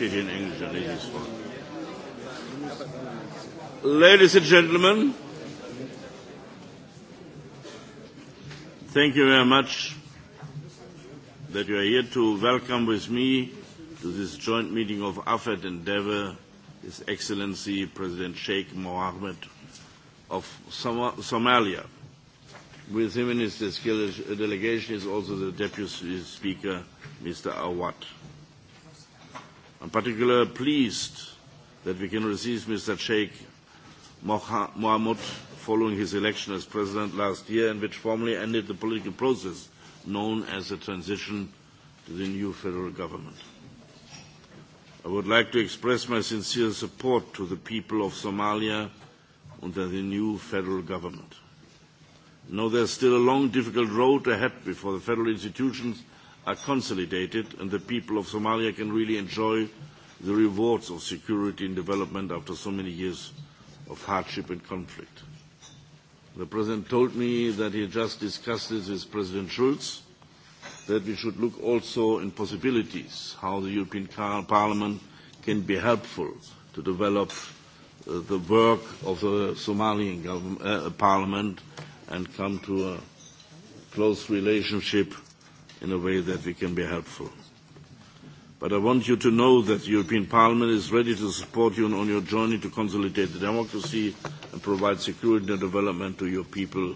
in Ladies and gentlemen, thank you very much that you are here to welcome with me to this joint meeting of Afet and DEVE, His Excellency President Sheikh Mohammed of Somalia. With him in his delegation is also the Deputy Speaker, Mr. Awad. Am particularly pleased that we can receive Mr. Sheikh Mohammed following his election as president last year, and which formally ended the political process known as the transition to the new federal government. I would like to express my sincere support to the people of Somalia under the new federal government. know there is still a long, difficult road ahead before the federal institutions are consolidated and the people of Somalia can really enjoy the rewards of security and development after so many years of hardship and conflict. The President told me that he just discussed this with President Schulz, that we should look also in possibilities, how the European Parliament can be helpful to develop the work of the Somalian Parliament and come to a close relationship in a way that we can be helpful. But I want you to know that the European Parliament is ready to support you on your journey to consolidate the democracy and provide security and development to your people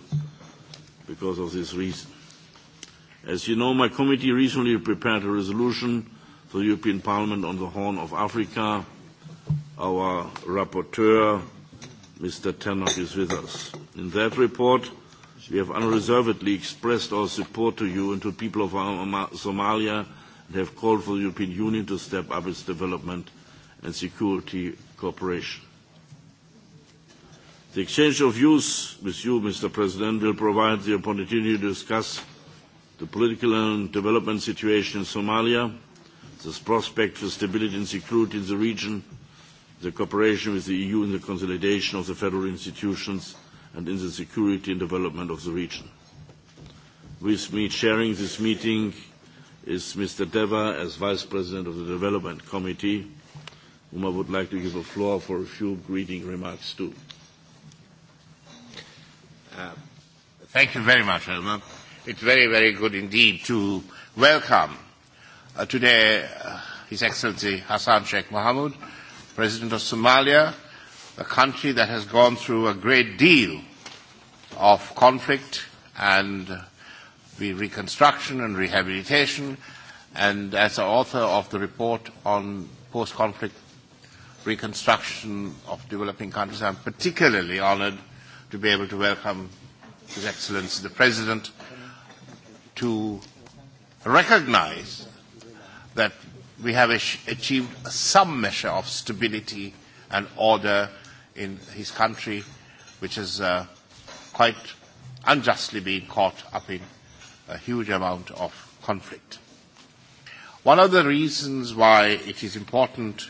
because of this reason. As you know, my committee recently prepared a resolution for the European Parliament on the Horn of Africa. Our rapporteur, Mr. Tannock, is with us. In that report, We have unreservedly expressed our support to you and to the people of Somalia and have called for the European Union to step up its development and security cooperation. The exchange of views with you, Mr. President, will provide the opportunity to discuss the political and development situation in Somalia, the prospect for stability and security in the region, the cooperation with the EU in the consolidation of the federal institutions, and in the security and development of the region. With me chairing this meeting is Mr. Deva as Vice President of the Development Committee, whom I would like to give the floor for a few greeting remarks to. Thank you very much, Elmer. It's very, very good indeed to welcome today His Excellency Hassan Sheikh Mohammed, President of Somalia, a country that has gone through a great deal of conflict and reconstruction and rehabilitation. And as the author of the report on post-conflict reconstruction of developing countries, I'm particularly honored to be able to welcome His Excellency the President to recognize that we have achieved some measure of stability and order in his country, which has quite unjustly been caught up in a huge amount of conflict. One of the reasons why it is important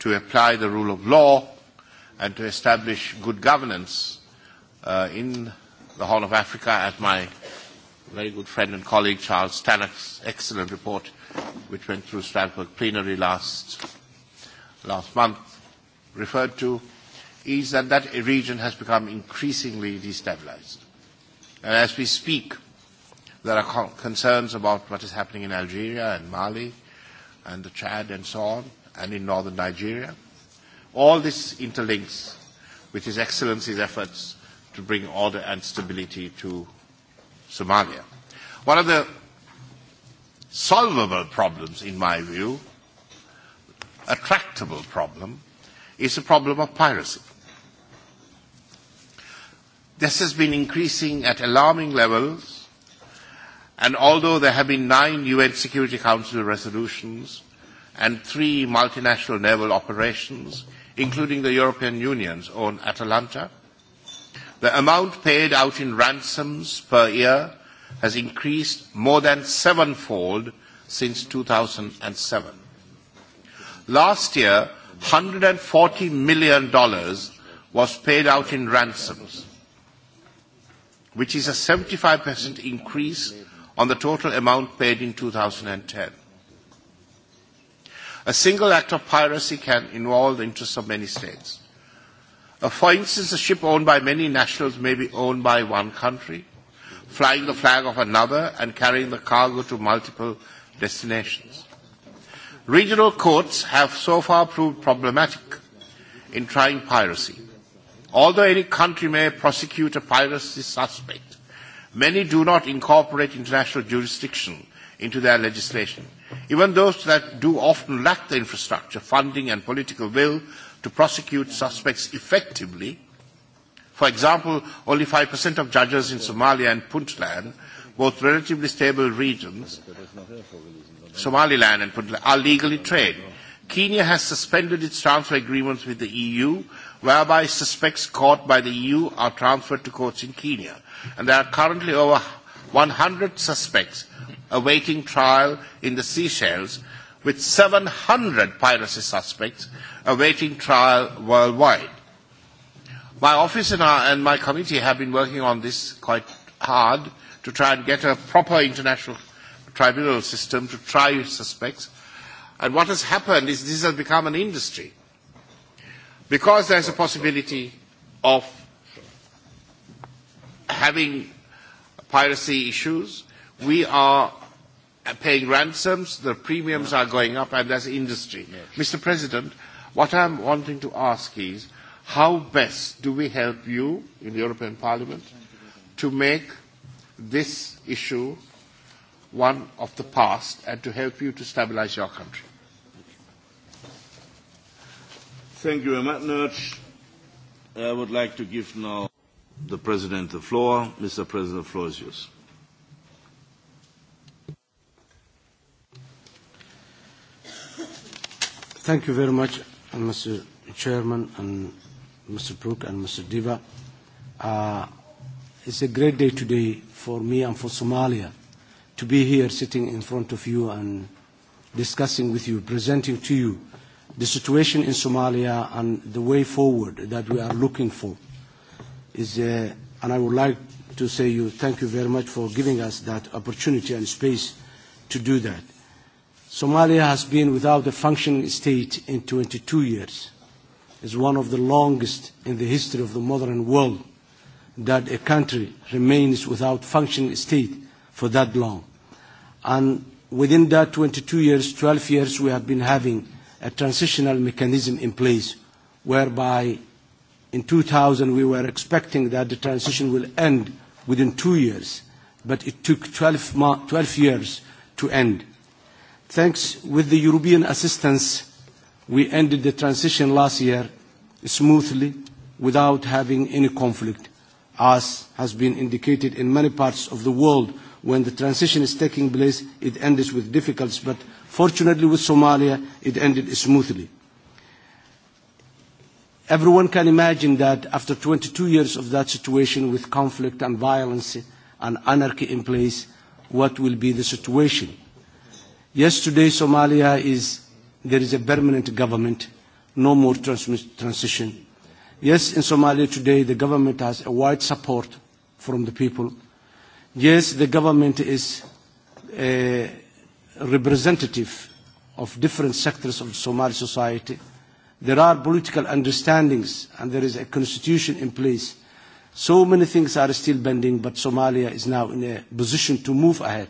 to apply the rule of law and to establish good governance in the Horn of Africa, as my very good friend and colleague Charles Tannock's excellent report, which went through Strasbourg plenary last last month, referred to, is that that region has become increasingly destabilized. And as we speak, there are concerns about what is happening in Algeria and Mali and the Chad and so on, and in northern Nigeria. All this interlinks with His Excellency's efforts to bring order and stability to Somalia. One of the solvable problems, in my view, a tractable problem, is the problem of piracy. This has been increasing at alarming levels, and although there have been nine UN Security Council resolutions and three multinational naval operations, including the European Union's own Atalanta, the amount paid out in ransoms per year has increased more than sevenfold since 2007. Last year, $140 million was paid out in ransoms which is a 75% increase on the total amount paid in 2010. A single act of piracy can involve the interests of many states. For instance, a ship owned by many nationals may be owned by one country, flying the flag of another and carrying the cargo to multiple destinations. Regional courts have so far proved problematic in trying piracy. Although any country may prosecute a piracy suspect, many do not incorporate international jurisdiction into their legislation. Even those that do often lack the infrastructure, funding and political will to prosecute suspects effectively. For example, only 5% of judges in Somalia and Puntland, both relatively stable regions, Somaliland and Puntland, are legally trained. Kenya has suspended its transfer agreements with the EU whereby suspects caught by the EU are transferred to courts in Kenya. And there are currently over 100 suspects awaiting trial in the Seychelles, with 700 piracy suspects awaiting trial worldwide. My office and my committee have been working on this quite hard to try and get a proper international tribunal system to try suspects. And what has happened is this has become an industry because there is a possibility of having piracy issues, we are paying ransoms, the premiums are going up, and is industry. Mr. President, what I am wanting to ask is, how best do we help you in the European Parliament to make this issue one of the past and to help you to stabilize your country? Thank you very much. I would like to give now the President the floor. Mr. President, the floor is yours. Thank you very much, Mr. Chairman and Mr. Brook and Mr. Diva. Uh, it's a great day today for me and for Somalia to be here sitting in front of you and discussing with you, presenting to you the situation in Somalia and the way forward that we are looking for is, and I would like to say you thank you very much for giving us that opportunity and space to do that. Somalia has been without a functioning state in 22 years. It's one of the longest in the history of the modern world that a country remains without functioning state for that long. And within that 22 years, 12 years, we have been having a transitional mechanism in place whereby in 2000 we were expecting that the transition will end within two years, but it took 12 years to end. Thanks with the European assistance, we ended the transition last year smoothly without having any conflict, as has been indicated in many parts of the world. When the transition is taking place, it ends with difficulties, but Fortunately, with Somalia, it ended smoothly. Everyone can imagine that after 22 years of that situation with conflict and violence and anarchy in place, what will be the situation. Yes, today Somalia is, there is a permanent government, no more transition. Yes, in Somalia today the government has a wide support from the people. Yes, the government is representative of different sectors of Somali society. There are political understandings and there is a constitution in place. So many things are still bending, but Somalia is now in a position to move ahead.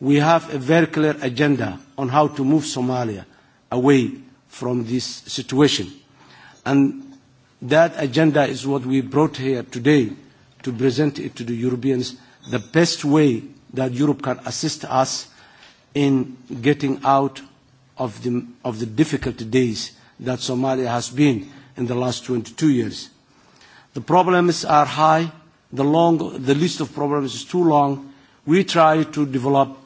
We have a very clear agenda on how to move Somalia away from this situation. And that agenda is what we brought here today to present it to the Europeans, the best way that Europe can assist us in getting out of the, of the difficult days that Somalia has been in the last 22 years. The problems are high. The, long, the list of problems is too long. We try to develop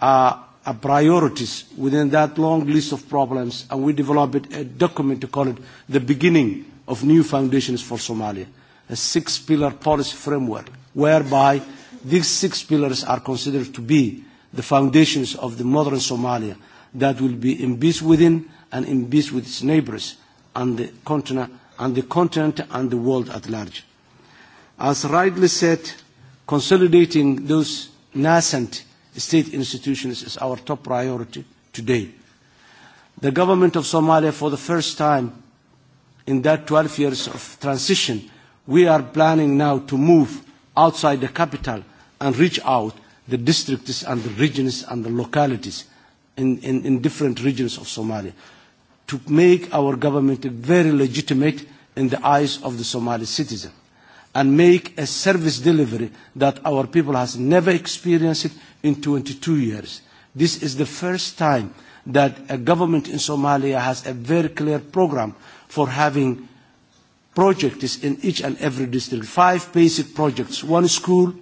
uh, priorities within that long list of problems, and we developed a document to call it the beginning of new foundations for Somalia, a six-pillar policy framework, whereby these six pillars are considered to be the foundations of the modern Somalia that will be in peace within and in peace with its neighbors and the continent and the continent and the world at large. As rightly said, consolidating those nascent state institutions is our top priority today. The government of Somalia, for the first time in that 12 years of transition, we are planning now to move outside the capital and reach out the districts and the regions and the localities in different regions of Somalia to make our government very legitimate in the eyes of the Somali citizen and make a service delivery that our people has never experienced in 22 years. This is the first time that a government in Somalia has a very clear program for having projects in each and every district. Five basic projects, one school,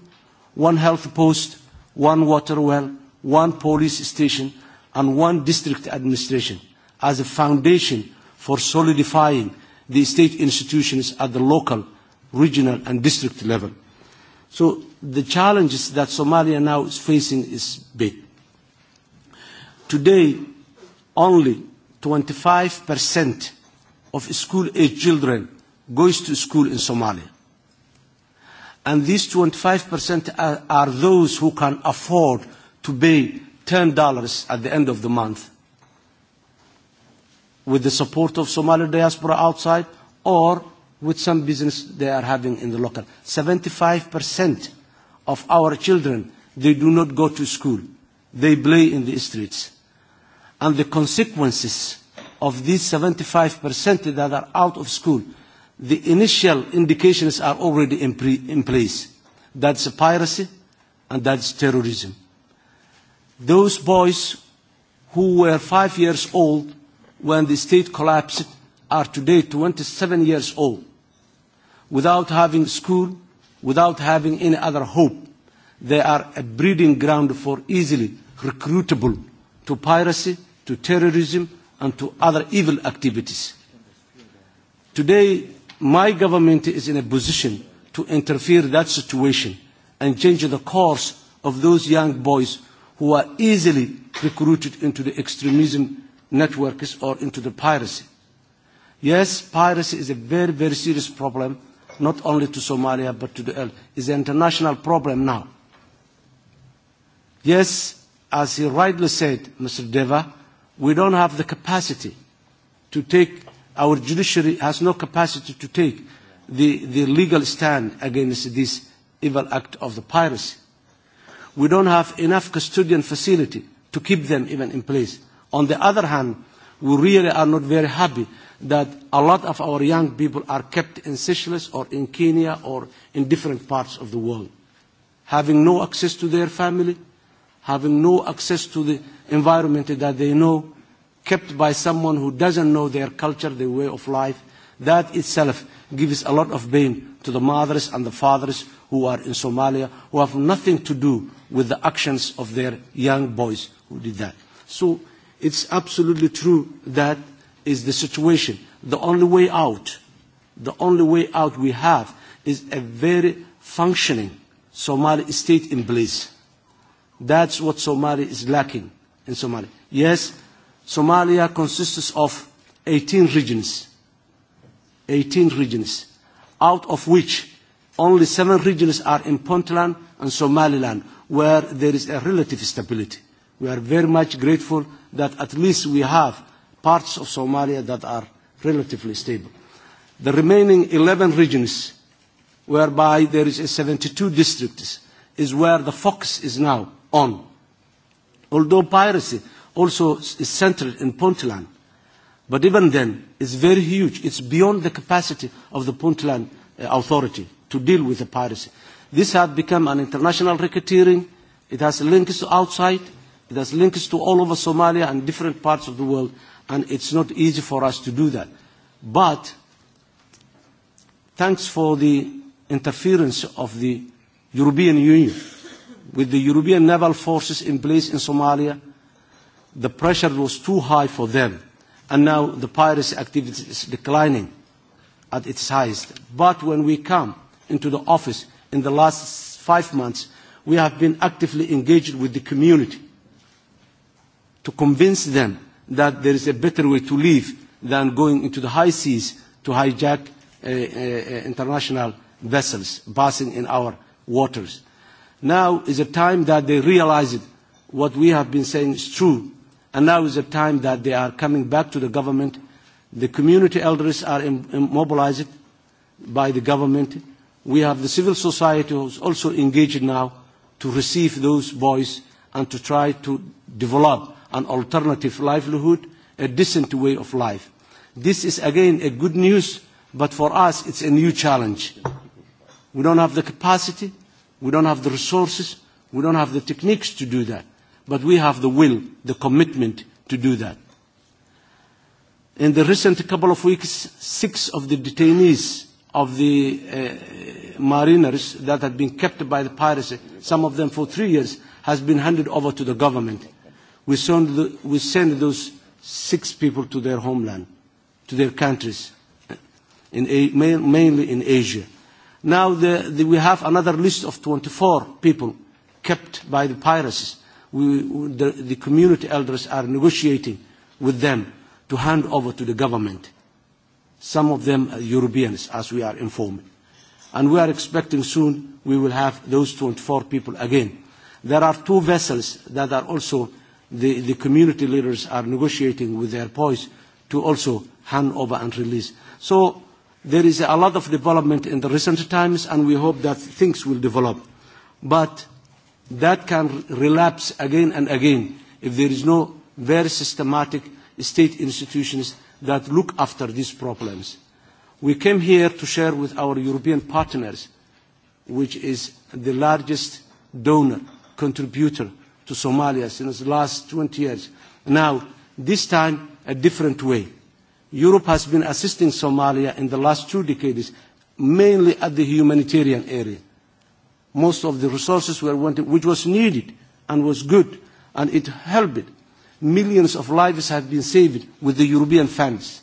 one health post, one water well, one police station, and one district administration as a foundation for solidifying the state institutions at the local, regional, and district level. So the challenges that Somalia now is facing is big. Today, only 25% of school-age children goes to school in Somalia and these 25% are those who can afford to pay dollars at the end of the month with the support of Somali diaspora outside or with some business they are having in the local. 75% of our children, they do not go to school. They play in the streets. And the consequences of these 75% that are out of school the initial indications are already in place. That's piracy and that's terrorism. Those boys who were five years old when the state collapsed are today 27 years old, without having school, without having any other hope. They are a breeding ground for easily recruitable to piracy, to terrorism, and to other evil activities. Today, my government is in a position to interfere that situation and change the course of those young boys who are easily recruited into the extremism networks or into the piracy. Yes, piracy is a very, very serious problem, not only to Somalia but to the world. It's an international problem now. Yes, as he rightly said, Mr. Deva, we don't have the capacity to take Our judiciary has no capacity to take the, the legal stand against this evil act of the piracy. We don't have enough custodian facility to keep them even in place. On the other hand, we really are not very happy that a lot of our young people are kept in Seychelles or in Kenya or in different parts of the world, having no access to their family, having no access to the environment that they know, kept by someone who doesn't know their culture, their way of life, that itself gives a lot of pain to the mothers and the fathers who are in Somalia, who have nothing to do with the actions of their young boys who did that. So it's absolutely true that is the situation. The only way out, the only way out we have is a very functioning Somali state in place. That's what Somalia is lacking in Somalia. Yes, Somalia consists of 18 regions. 18 regions, out of which only seven regions are in Puntland and Somaliland, where there is a relative stability. We are very much grateful that at least we have parts of Somalia that are relatively stable. The remaining 11 regions, whereby there is 72 districts, is where the focus is now on. Although piracy also is centered in Puntland. But even then, it's very huge. It's beyond the capacity of the Puntland authority to deal with the piracy. This has become an international racketeering. It has links to outside. It has links to all over Somalia and different parts of the world. And it's not easy for us to do that. But thanks for the interference of the European Union with the European naval forces in place in Somalia the pressure was too high for them. And now the piracy activity is declining at its highest. But when we come into the office in the last five months, we have been actively engaged with the community to convince them that there is a better way to live than going into the high seas to hijack international vessels passing in our waters. Now is a time that they realize what we have been saying is true and now is the time that they are coming back to the government. The community elders are mobilized by the government. We have the civil society who is also engaged now to receive those boys and to try to develop an alternative livelihood, a decent way of life. This is again a good news, but for us it's a new challenge. We don't have the capacity, we don't have the resources, we don't have the techniques to do that but we have the will, the commitment to do that. In the recent couple of weeks, six of the detainees of the mariners that had been kept by the piracy, some of them for three years, has been handed over to the government. We send those six people to their homeland, to their countries, mainly in Asia. Now we have another list of 24 people kept by the piracy the community elders are negotiating with them to hand over to the government. Some of them are Europeans, as we are informed. And we are expecting soon we will have those 24 people again. There are two vessels that are also the community leaders are negotiating with their boys to also hand over and release. So there is a lot of development in the recent times, and we hope that things will develop. But that can relapse again and again if there is no very systematic state institutions that look after these problems. We came here to share with our European partners, which is the largest donor, contributor to Somalia since the last 20 years. Now, this time, a different way. Europe has been assisting Somalia in the last two decades, mainly at the humanitarian area most of the resources were wanted, which was needed and was good, and it helped. Millions of lives have been saved with the European funds,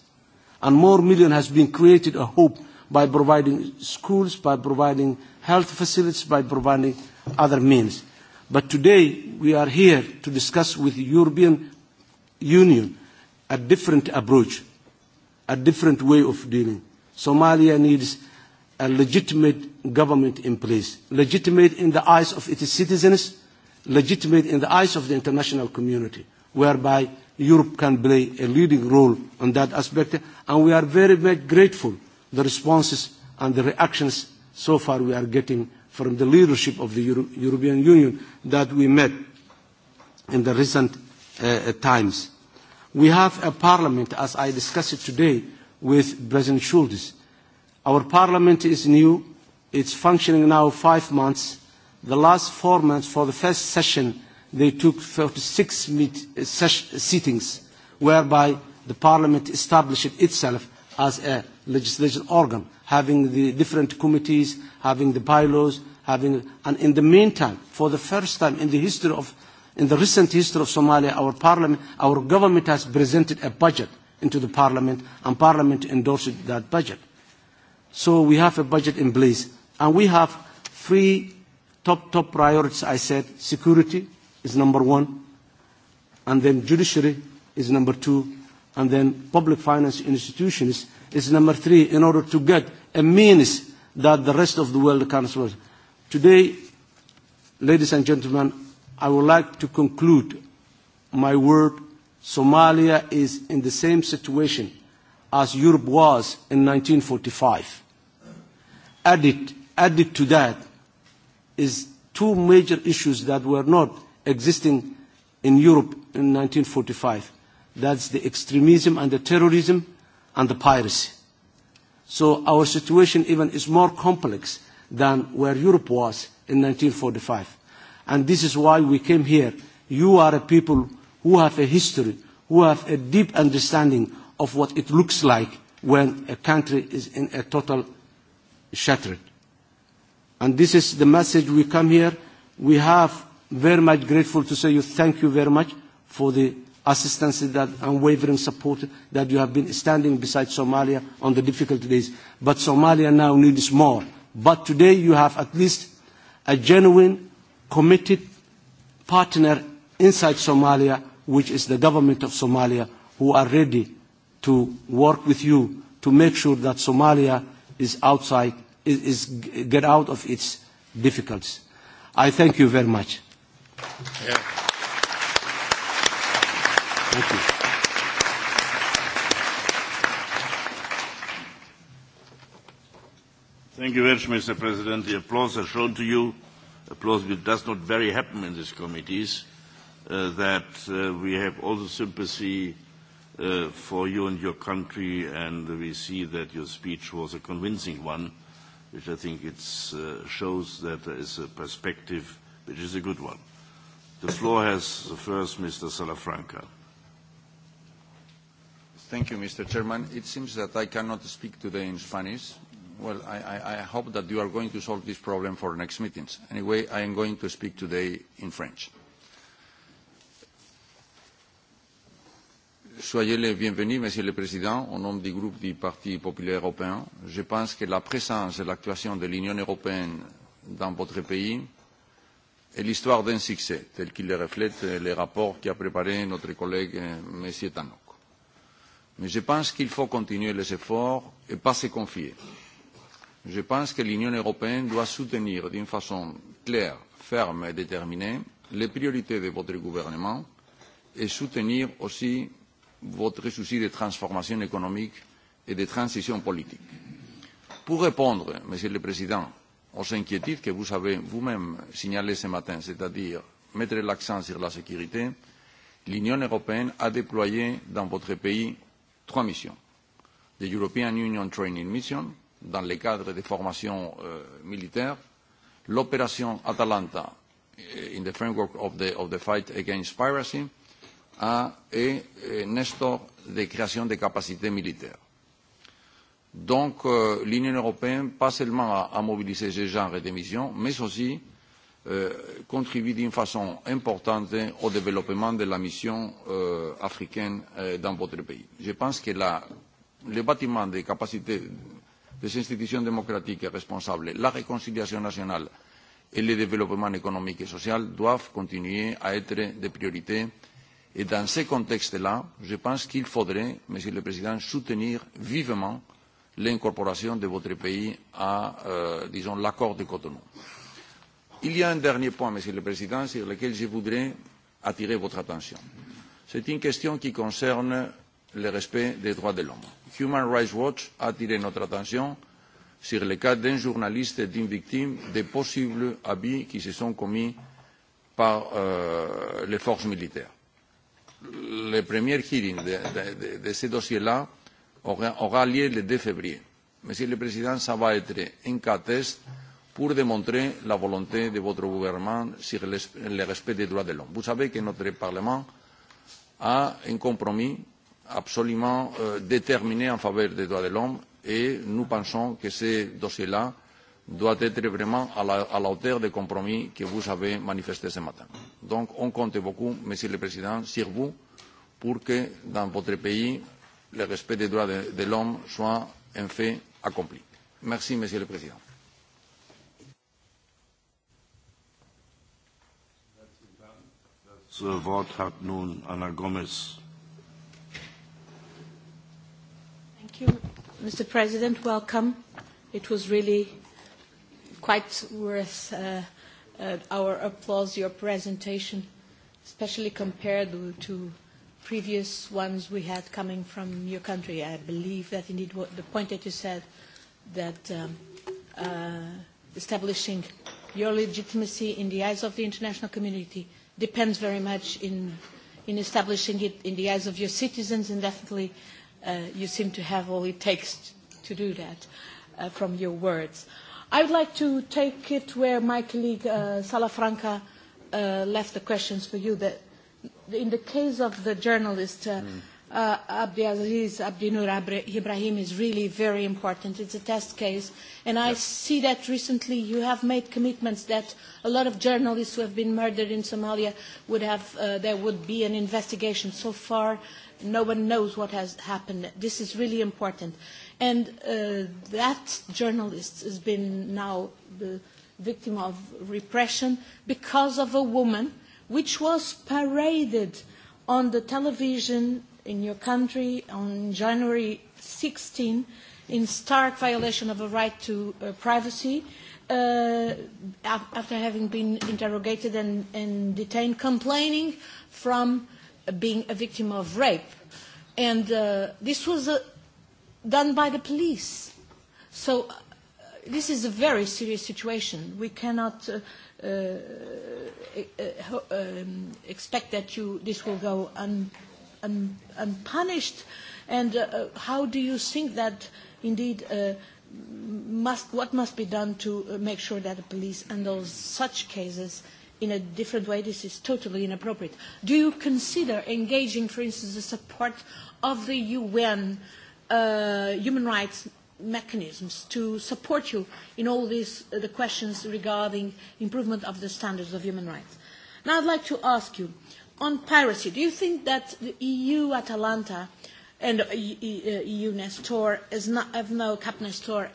and more million has been created a hope by providing schools, by providing health facilities, by providing other means. But today we are here to discuss with the European Union a different approach, a different way of dealing. Somalia needs a legitimate government in place, legitimate in the eyes of its citizens, legitimate in the eyes of the international community, whereby Europe can play a leading role on that aspect. And we are very very grateful the responses and the reactions so far we are getting from the leadership of the European Union that we met in the recent times. We have a parliament, as I discussed it today with President Schulz, Our Parliament is new. It's functioning now five months. The last four months, for the first session, they took 36 sittings, whereby the Parliament established itself as a legislative organ, having the different committees, having the bylaws, having, and in the meantime, for the first time in the history of, in the recent history of Somalia, our parliament, our government has presented a budget into the parliament, and parliament endorsed that budget. So we have a budget in place. And we have three top, top priorities, I said. Security is number one, and then judiciary is number two, and then public finance institutions is number three, in order to get a means that the rest of the world can support. Today, ladies and gentlemen, I would like to conclude my word. Somalia is in the same situation as Europe was in 1945. Added, added to that is two major issues that were not existing in Europe in 1945. That's the extremism and the terrorism and the piracy. So our situation even is more complex than where Europe was in 1945. And this is why we came here. You are a people who have a history, who have a deep understanding of what it looks like when a country is in a total shattered. And this is the message we come here. We have very much grateful to say you thank you very much for the assistance that unwavering support that you have been standing beside Somalia on the difficult days. But Somalia now needs more. But today you have at least a genuine, committed partner inside Somalia, which is the government of Somalia, who are ready to work with you to make sure that Somalia is outside, is get out of its difficulties. I thank you very much. Thank you. Thank you very much, Mr. President. The applause has shown to you, applause which does not very happen in these committees, that we have all the sympathy for you and your country, and we see that your speech was a convincing one, which I think it shows that there is a perspective which is a good one. The floor has the first Mr. Salafranca. Thank you, Mr. Chairman. It seems that I cannot speak today in Spanish. Well, I hope that you are going to solve this problem for next meetings. Anyway, I am going to speak today in French. Soyez les bienvenus, Monsieur le Président, au nom du groupe du Parti populaire européen. Je pense que la présence et l'actuation de l'Union européenne dans votre pays est l'histoire d'un succès, tel qu'il le reflète le rapport qu'a préparé notre collègue M. Tannock. Mais je pense qu'il faut continuer les efforts et pas se confier. Je pense que l'Union européenne doit soutenir d'une façon claire, ferme et déterminée les priorités de votre gouvernement et soutenir aussi votre souci de transformation économique et de transition politique. Pour répondre, Monsieur le Président, aux inquiétudes que vous avez vous-même signalées ce matin, c'est-à-dire mettre l'accent sur la sécurité, l'Union européenne a déployé dans votre pays trois missions. The European Union Training Mission, dans le cadre des formations militaires, l'opération Atalanta, in the framework of the fight against piracy, à et Nestor de créations de capacités militaires. Donc l'Union européenne, pas seulement à mobiliser ce genre de missions, mais aussi contribue d'une façon importante au développement de la mission africaine dans votre pays. Je pense que le bâtiment des capacités des institutions démocratiques responsables, la réconciliation nationale et le développement économique et social doivent continuer à être des priorités Et dans ce contexte-là, je pense qu'il faudrait, Monsieur le Président, soutenir vivement l'incorporation de votre pays à, disons, l'accord de Cotonou. Il y a un dernier point, Monsieur le Président, sur lequel je voudrais attirer votre attention. C'est une question qui concerne le respect des droits de l'homme. Human Rights Watch a attiré notre attention sur le cas d'un journaliste et d'une victime des possibles abus qui se sont commis par les forces militaires le premier hearing de ce dossier la aura lieu le 2 février. Monsieur le Président, ça va être un cas test pour démontrer la volonté de votre gouvernement sur le respect des droits de l'homme. Vous savez que notre Parlement a un compromis absolument déterminé en faveur des droits de l'homme et nous pensons que ce dossier la doit être vraiment à la hauteur des compromis que vous avez manifestés ce matin. Donc, on compte beaucoup, Monsieur le Président, sur vous pour que, dans votre pays, le respect des droits de l'homme soit un fait accompli. Merci, Monsieur le Président. hat nun Thank you, Mr. President. Welcome. It was really quite worth our applause, your presentation, especially compared to previous ones we had coming from your country. I believe that indeed the point that you said, that establishing your legitimacy in the eyes of the international community depends very much in establishing it in the eyes of your citizens, and definitely you seem to have all it takes to do that from your words. I would like to take it where my colleague Salafranca left the questions for you. That in the case of the journalist Aziz Abdinur Ibrahim is really very important. It's a test case, and I see that recently you have made commitments that a lot of journalists who have been murdered in Somalia would have there would be an investigation. So far, no one knows what has happened. This is really important. And that journalist has been now the victim of repression because of a woman which was paraded on the television in your country on January 16 in stark violation of a right to privacy after having been interrogated and detained, complaining from being a victim of rape. And this was a done by the police. So this is a very serious situation. We cannot expect that this will go unpunished. And how do you think that indeed must what must be done to make sure that the police handle such cases in a different way? This is totally inappropriate. Do you consider engaging, for instance, the support of the UN human rights mechanisms to support you in all these the questions regarding improvement of the standards of human rights. Now I'd like to ask you, on piracy, do you think that the EU Atalanta and EU Nestor have no Cap Nestor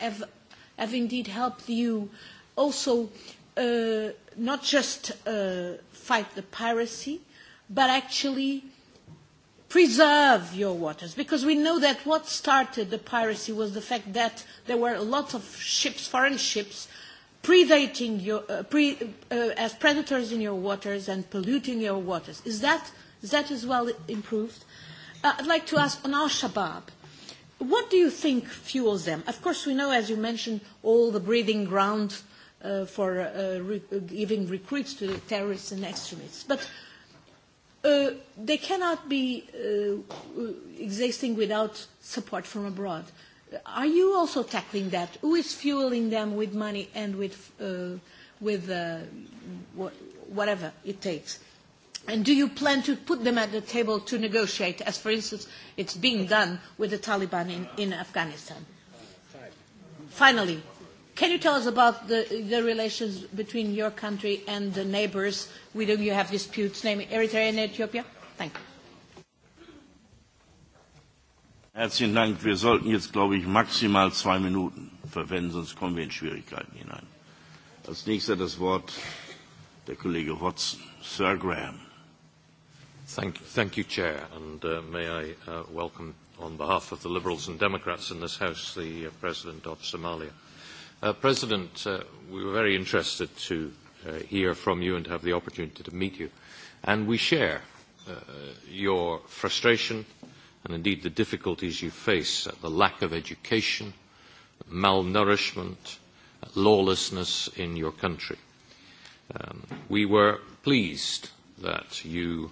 have indeed helped you also not just fight the piracy, but actually preserve your waters, because we know that what started the piracy was the fact that there were a lot of ships, foreign ships, predating your, as predators in your waters and polluting your waters. Is that, is that as well improved? I'd like to ask on Al-Shabaab. What do you think fuels them? Of course, we know, as you mentioned, all the breeding ground for giving recruits to the terrorists and extremists. But they cannot be existing without support from abroad. Are you also tackling that? Who is fueling them with money and with with whatever it takes? And do you plan to put them at the table to negotiate, as for instance it's being done with the Taliban in Afghanistan? Finally, Can you tell us about the, the relations between your country and the neighbors with whom you have disputes, namely Eritrea and Ethiopia? Thank you. Herzlichen Dank. Wir sollten jetzt, glaube ich, maximal zwei Minuten verwenden, sonst kommen wir in Schwierigkeiten hinein. Als nächster das Wort der Kollege Watson. Sir Graham. Thank, thank you, Chair, and may I uh, welcome on behalf of the Liberals and Democrats in this House the President of Somalia. President, we were very interested to hear from you and to have the opportunity to meet you. And we share your frustration and indeed the difficulties you face at the lack of education, malnourishment, lawlessness in your country. We were pleased that you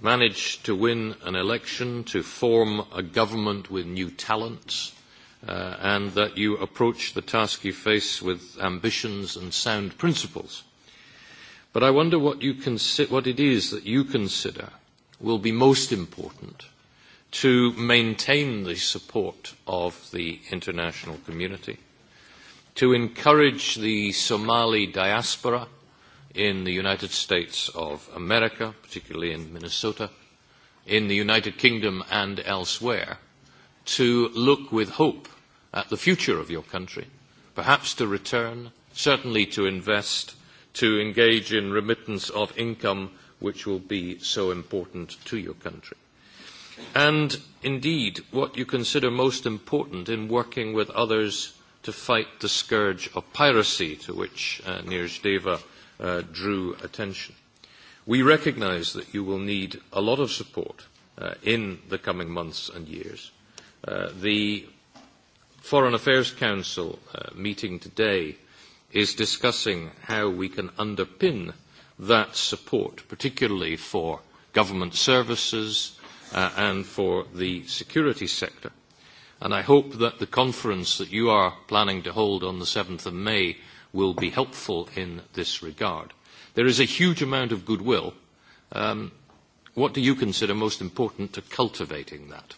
managed to win an election to form a government with new talents and that you approach the task you face with ambitions and sound principles. But I wonder what it is that you consider will be most important to maintain the support of the international community, to encourage the Somali diaspora in the United States of America, particularly in Minnesota, in the United Kingdom and elsewhere, to look with hope at the future of your country, perhaps to return, certainly to invest, to engage in remittance of income which will be so important to your country. And indeed, what you consider most important in working with others to fight the scourge of piracy to which Nirj Deva drew attention. We recognise that you will need a lot of support in the coming months and years The Foreign Affairs Council meeting today is discussing how we can underpin that support, particularly for government services and for the security sector. And I hope that the conference that you are planning to hold on the 7th of May will be helpful in this regard. There is a huge amount of goodwill. What do you consider most important to cultivating that?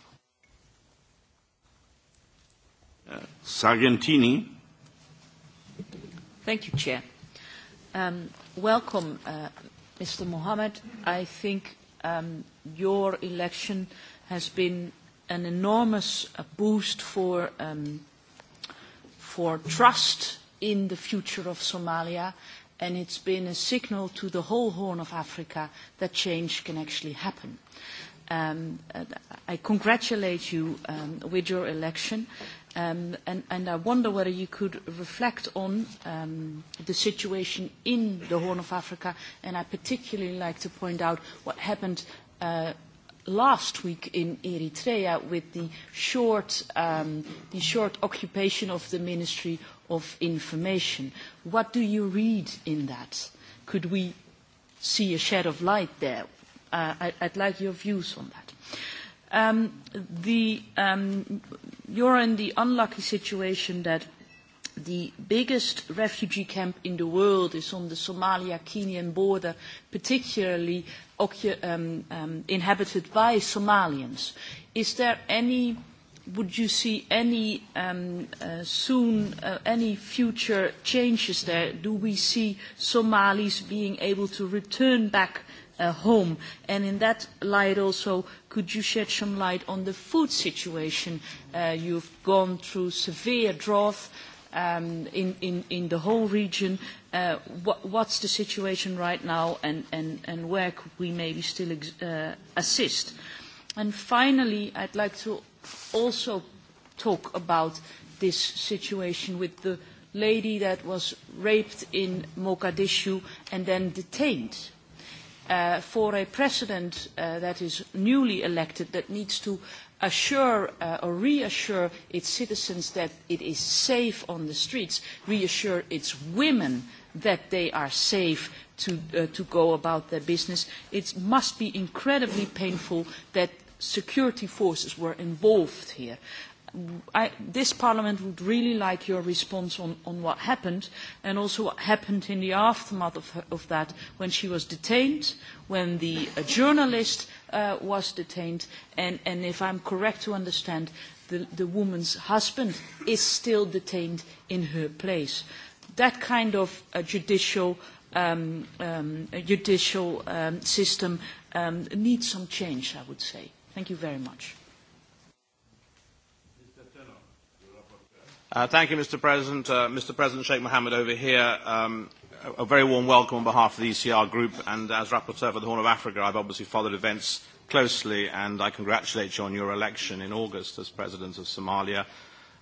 Sargentini. Thank you, Chair. Welcome, Mr. Mohammed. I think your election has been an enormous boost for for trust in the future of Somalia, and it's been a signal to the whole Horn of Africa that change can actually happen. I congratulate you with your election. And I wonder whether you could reflect on the situation in the Horn of Africa, and I particularly like to point out what happened last week in Eritrea with the short occupation of the Ministry of Information. What do you read in that? Could we see a shed of light there? I'd like your views on that. The You are in the unlucky situation that the biggest refugee camp in the world is on the Somalia-Kenyan border, particularly inhabited by Somalians. Is there any, would you see any soon, any future changes there? Do we see Somalis being able to return back home. And in that light also, could you shed some light on the food situation? You've gone through severe drought in the whole region. What's the situation right now and where could we maybe still assist? And finally, I'd like to also talk about this situation with the lady that was raped in Mogadishu and then detained for a president that is newly elected that needs to assure or reassure its citizens that it is safe on the streets, reassure its women that they are safe to go about their business. It must be incredibly painful that security forces were involved here this Parliament would really like your response on what happened and also what happened in the aftermath of that when she was detained, when the journalist was detained, and if I'm correct to understand, the woman's husband is still detained in her place. That kind of judicial system needs some change, I would say. Thank you very much. Thank you, Mr. President. Mr. President Sheikh Mohammed over here. A very warm welcome on behalf of the ECR Group, and as Rapporteur for the Horn of Africa, I have obviously followed events closely, and I congratulate you on your election in August as President of Somalia.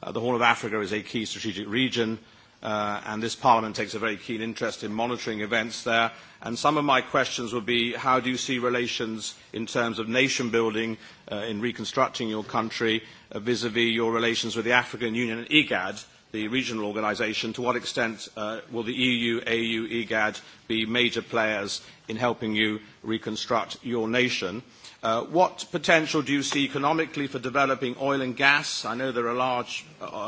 The Horn of Africa is a key strategic region and this Parliament takes a very keen interest in monitoring events there. And some of my questions would be, how do you see relations in terms of nation building in reconstructing your country vis-à-vis your relations with the African Union and EGAD, the regional organisation? To what extent will the EU, AU, EGAD be major players in helping you reconstruct your nation? What potential do you see economically for developing oil and gas? I know there are large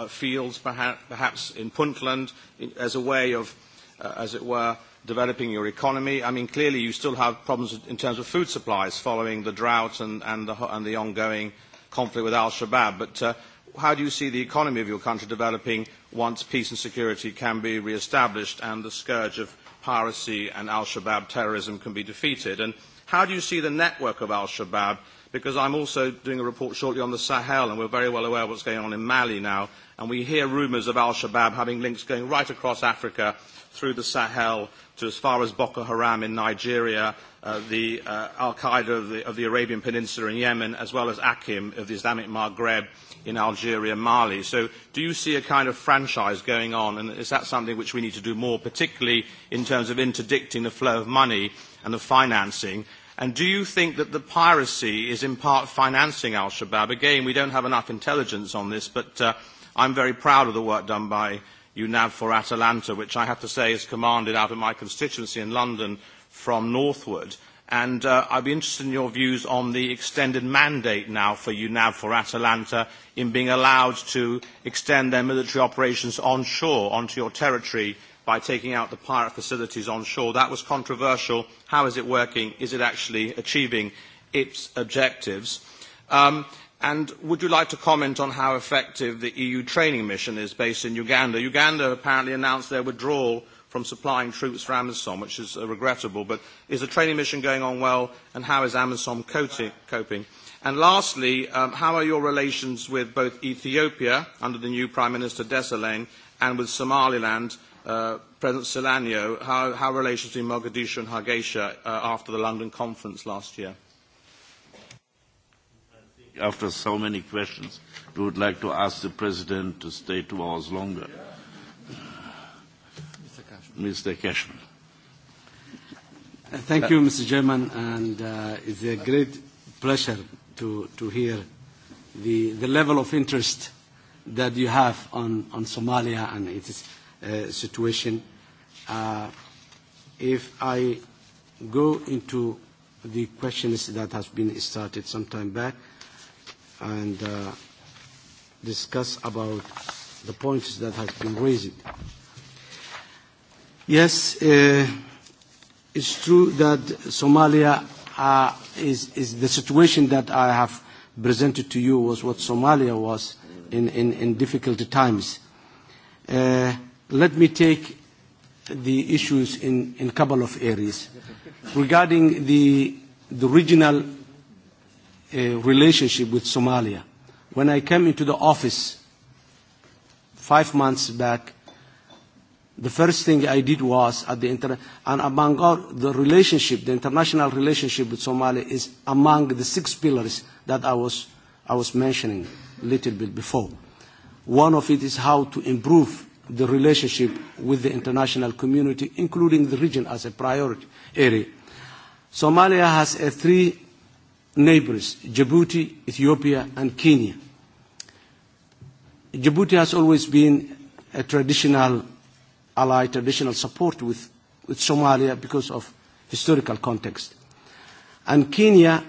fields, perhaps in Puntland, as a way of, as it were, developing your economy. I mean, clearly you still have problems in terms of food supplies following the drought and the ongoing conflict with Al-Shabaab. But how do you see the economy of your country developing once peace and security can be re-established and the scourge of piracy and Al-Shabaab terrorism can be defeated? How do you see the network of al-Shabaab? Because I'm also doing a report shortly on the Sahel, and we're very well aware of what's going on in Mali now, and we hear rumours of al-Shabaab having links going right across Africa, through the Sahel, to as far as Boko Haram in Nigeria, the al-Qaeda of the Arabian Peninsula in Yemen, as well as Akim of the Islamic Maghreb in Algeria, Mali. So do you see a kind of franchise going on, and is that something which we need to do more, particularly in terms of interdicting the flow of money and the financing, And do you think that the piracy is in part financing al-Shabaab? Again, we don't have enough intelligence on this, but I'm very proud of the work done by UNAV for Atalanta, which I have to say is commanded out of my constituency in London from northward. And I'd be interested in your views on the extended mandate now for UNAV for Atalanta in being allowed to extend their military operations onshore onto your territory by taking out the pirate facilities on shore. That was controversial. How is it working? Is it actually achieving its objectives? And would you like to comment on how effective the EU training mission is based in Uganda? Uganda apparently announced their withdrawal from supplying troops for Amazon, which is regrettable. But is the training mission going on well, and how is Amazon coping? And lastly, how are your relations with both Ethiopia, under the new Prime Minister Desalegn, and with Somaliland, President Solano, how relations between Mogadishu and Hargeisa after the London conference last year? After so many questions, we would like to ask the President to stay two hours longer. Mr. Cashman. Thank you, Mr. Chairman, and it's a great pleasure to to hear the the level of interest that you have on on Somalia, and it is situation. If I go into the questions that have been started some time back and discuss about the points that have been raised. Yes, it's true that Somalia is is the situation that I have presented to you was what Somalia was in in difficult times. Let me take the issues in a couple of areas. Regarding the regional relationship with Somalia, when I came into the office five months back, the first thing I did was at the inter and among all the relationship, the international relationship with Somalia is among the six pillars that I was I was mentioning a little bit before. One of it is how to improve the relationship with the international community, including the region as a priority area. Somalia has three neighbors, Djibouti, Ethiopia, and Kenya. Djibouti has always been a traditional ally, traditional support with Somalia because of historical context. And Kenya,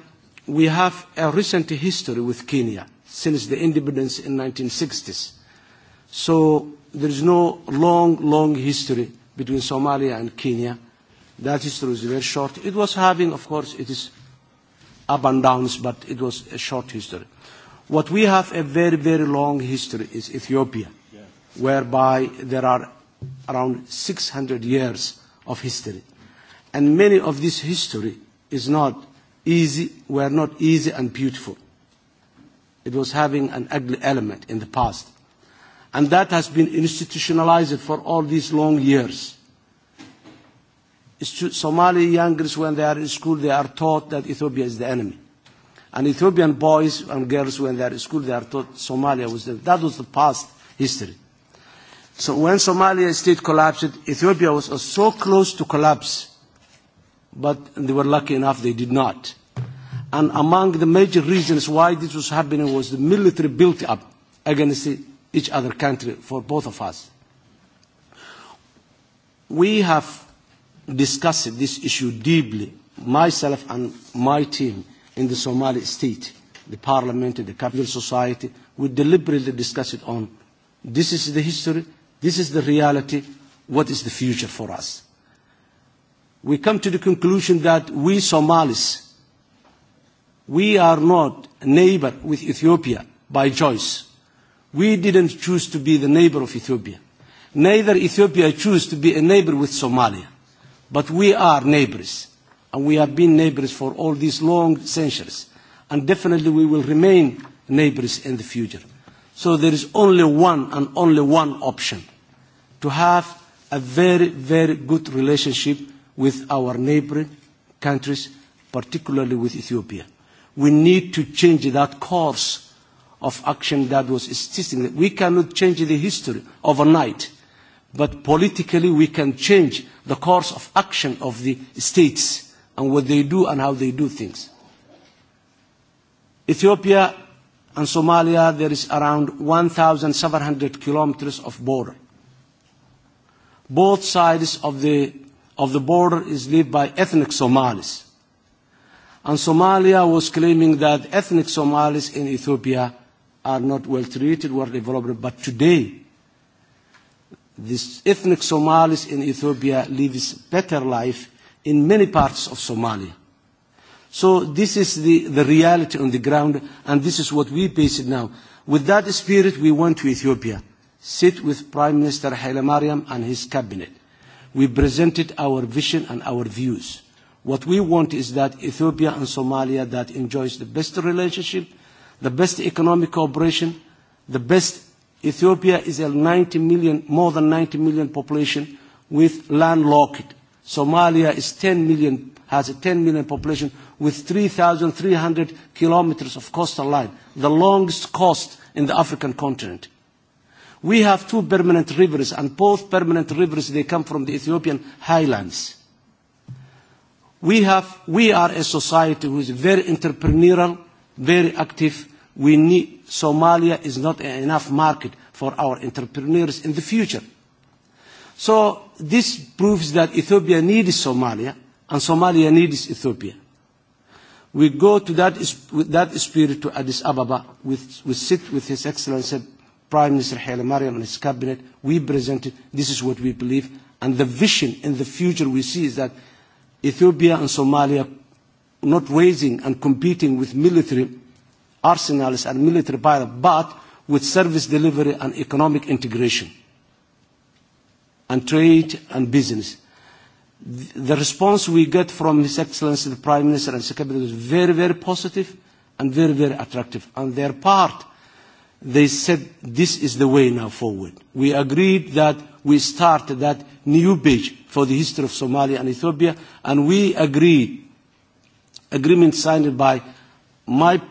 we have a recent history with Kenya since the independence in 1960s. So there is no long, long history between Somalia and Kenya. That history is very short. It was having, of course, it is up and downs, but it was a short history. What we have a very, very long history is Ethiopia, whereby there are around 600 years of history. And many of this history is not easy, were not easy and beautiful. It was having an ugly element in the past and that has been institutionalized for all these long years. Somali young girls, when they are in school, they are taught that Ethiopia is the enemy. And Ethiopian boys and girls, when they are in school, they are taught Somalia was the... That was the past history. So when Somalia state collapsed, Ethiopia was so close to collapse, but they were lucky enough they did not. And among the major reasons why this was happening was the military built-up against each other country for both of us. We have discussed this issue deeply, myself and my team in the Somali state, the parliament, the capital society. We deliberately discussed it on this is the history, this is the reality, what is the future for us. We come to the conclusion that we Somalis, we are not neighbor with Ethiopia by choice. We didn't choose to be the neighbor of Ethiopia. Neither Ethiopia chose to be a neighbor with Somalia. But we are neighbors. And we have been neighbors for all these long centuries. And definitely we will remain neighbors in the future. So there is only one and only one option. To have a very, very good relationship with our neighboring countries, particularly with Ethiopia. We need to change that course of action that was existing. We cannot change the history overnight, but politically we can change the course of action of the states and what they do and how they do things. Ethiopia and Somalia, there is around 1,700 kilometers of border. Both sides of the of the border is lived by ethnic Somalis. And Somalia was claiming that ethnic Somalis in Ethiopia are not well treated, were developed. But today, these ethnic Somalis in Ethiopia a better life in many parts of Somalia. So this is the, the reality on the ground, and this is what we base it now. With that spirit, we went to Ethiopia, sit with Prime Minister Haile Mariam and his cabinet. We presented our vision and our views. What we want is that Ethiopia and Somalia that enjoys the best relationship the best economic cooperation, the best Ethiopia is a 90 million, more than 90 million population with landlocked. Somalia is 10 million, has a 10 million population with 3,300 kilometers of coastal line, the longest coast in the African continent. We have two permanent rivers, and both permanent rivers, they come from the Ethiopian highlands. We have, we are a society which is very entrepreneurial, very active, we need Somalia is not enough market for our entrepreneurs in the future. So this proves that Ethiopia needs Somalia and Somalia needs Ethiopia. We go to that, with that spirit to Addis Ababa. We, we sit with His Excellency Prime Minister Haile Mariam and his cabinet. We it, this is what we believe. And the vision in the future we see is that Ethiopia and Somalia not raising and competing with military arsenals and military power, but with service delivery and economic integration and trade and business. The response we get from His Excellency the Prime Minister and Secretary was very, very positive and very, very attractive. On their part, they said this is the way now forward. We agreed that we start that new page for the history of Somalia and Ethiopia, and we agreed, agreement signed by my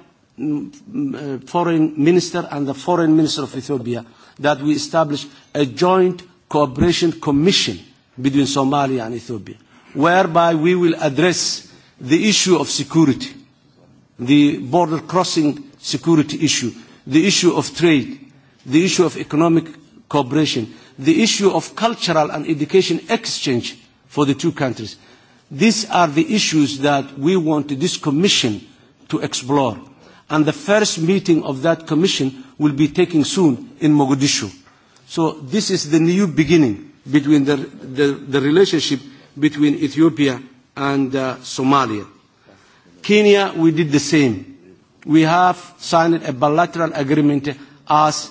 foreign minister and the foreign minister of Ethiopia that we establish a joint cooperation commission between Somalia and Ethiopia, whereby we will address the issue of security, the border crossing security issue, the issue of trade, the issue of economic cooperation, the issue of cultural and education exchange for the two countries. These are the issues that we want this commission to explore and the first meeting of that commission will be taking soon in Mogadishu. So this is the new beginning between the, the, relationship between Ethiopia and Somalia. Kenya, we did the same. We have signed a bilateral agreement as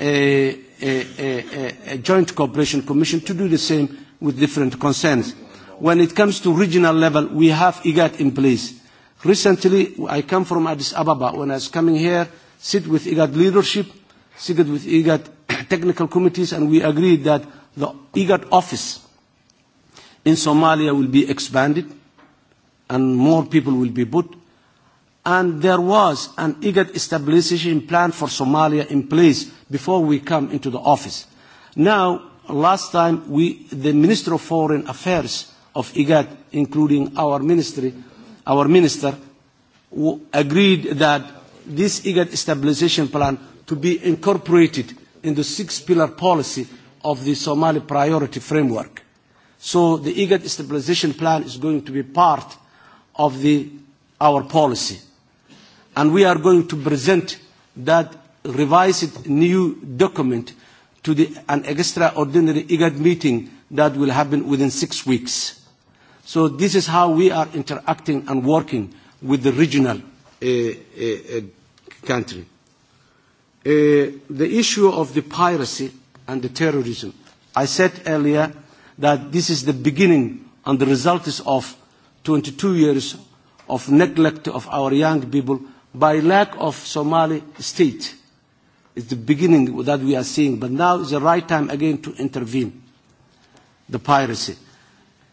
a, a, a, joint cooperation commission to do the same with different concerns. When it comes to regional level, we have IGAT in place Recently, I come from Addis Ababa. When I was coming here, sit with IGAD leadership, sit with IGAD technical committees, and we agreed that the IGAD office in Somalia will be expanded and more people will be put. And there was an IGAD establishment plan for Somalia in place before we come into the office. Now, last time, we, the Minister of Foreign Affairs of IGAD, including our ministry, our minister, agreed that this IGAD stabilization plan to be incorporated in the six-pillar policy of the Somali priority framework. So the IGAD stabilization plan is going to be part of our policy. And we are going to present that revised new document to an extraordinary IGAD meeting that will happen within six weeks. So this is how we are interacting and working with the regional country. The issue of the piracy and the terrorism. I said earlier that this is the beginning and the result is of 22 years of neglect of our young people by lack of Somali state. It's the beginning that we are seeing, but now is the right time again to intervene. The piracy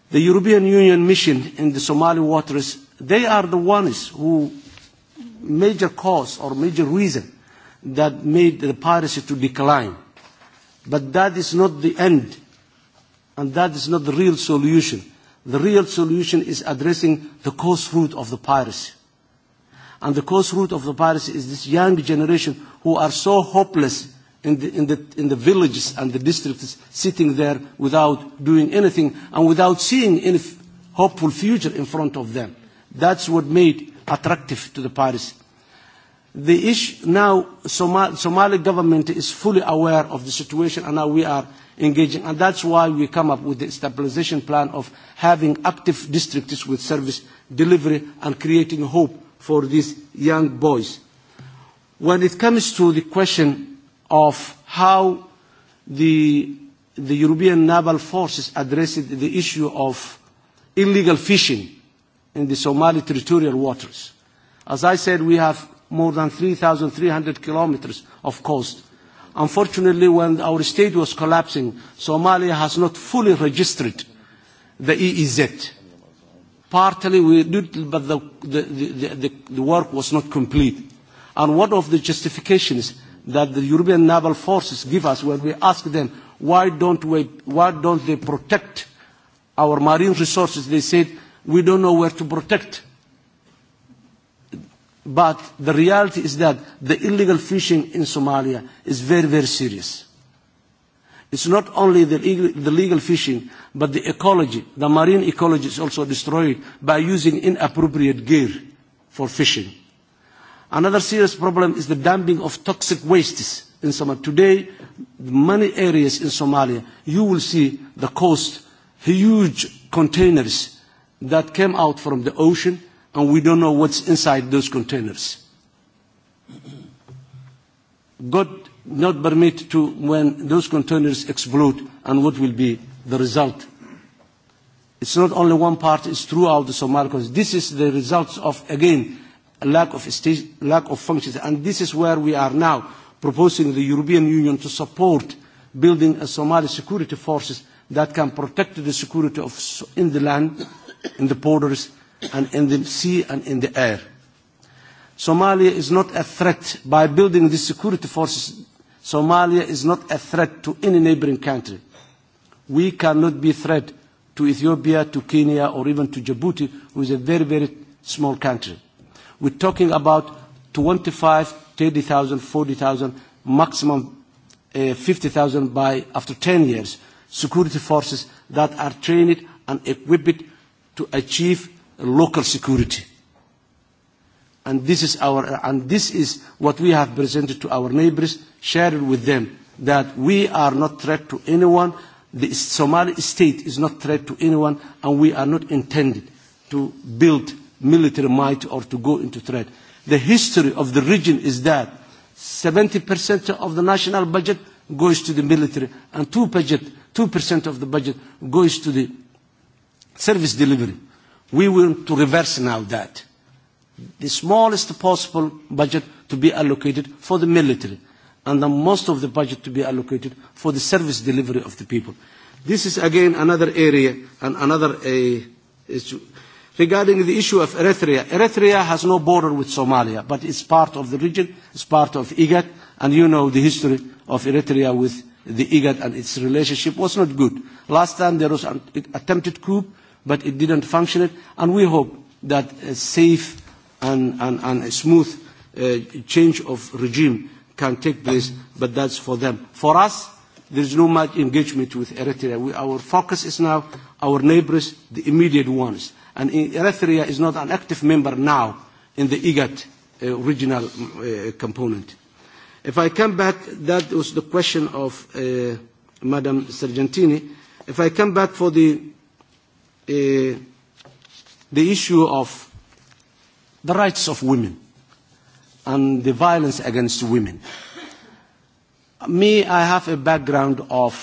the European Union mission in the Somali waters, they are the ones who major cause or major reason that made the piracy to decline. But that is not the end, and that is not the real solution. The real solution is addressing the cause root of the piracy. And the cause root of the piracy is this young generation who are so hopeless in the, in, the, in the villages and the districts sitting there without doing anything and without seeing any hopeful future in front of them. That's what made attractive to the Paris. The issue now, Somali, Somali government is fully aware of the situation and now we are engaging. And that's why we come up with the stabilization plan of having active districts with service delivery and creating hope for these young boys. When it comes to the question of how the the European naval forces addressed the issue of illegal fishing in the Somali territorial waters. As I said, we have more than 3,300 kilometers of coast. Unfortunately, when our state was collapsing, Somalia has not fully registered the EEZ. Partly we did, but the, the, the, the, work was not complete. And one of the justifications that the European naval forces give us when we ask them why don't we why don't they protect our marine resources they said we don't know where to protect but the reality is that the illegal fishing in Somalia is very very serious it's not only the legal fishing but the ecology the marine ecology is also destroyed by using inappropriate gear for fishing Another serious problem is the dumping of toxic wastes in Somalia. Today, many areas in Somalia, you will see the coast, huge containers that came out from the ocean, and we don't know what's inside those containers. God not permit to when those containers explode and what will be the result. It's not only one part, it's throughout the coast. This is the results of, again, lack of lack of functions. And this is where we are now proposing the European Union to support building a Somali security forces that can protect the security of in the land, in the borders, and in the sea and in the air. Somalia is not a threat. By building these security forces, Somalia is not a threat to any neighboring country. We cannot be a threat to Ethiopia, to Kenya, or even to Djibouti, who is a very, very small country. We're talking about 25, 30,000, 40,000, maximum 50,000 by after 10 years security forces that are trained and equipped to achieve local security. And this is our and this is what we have presented to our neighbors, shared with them that we are not threat to anyone, the Somali state is not threat to anyone, and we are not intended to build military might or to go into threat. The history of the region is that 70% of the national budget goes to the military and 2% of the budget goes to the service delivery. We want to reverse now that. The smallest possible budget to be allocated for the military and the most of the budget to be allocated for the service delivery of the people. This is again another area and another issue Regarding the issue of Eritrea, Eritrea has no border with Somalia, but it's part of the region, it's part of IGAT, and you know the history of Eritrea with the IGAT and its relationship was not good. Last time there was an attempted coup, but it didn't function, and we hope that a safe and, and, a smooth change of regime can take place, but that's for them. For us, there is no much engagement with Eritrea. Our focus is now our neighbors, the immediate ones And Eritrea is not an active member now in the IGAT regional component. If I come back, that was the question of Madam Sargentini. If I come back for the the issue of the rights of women and the violence against women. Me, I have a background of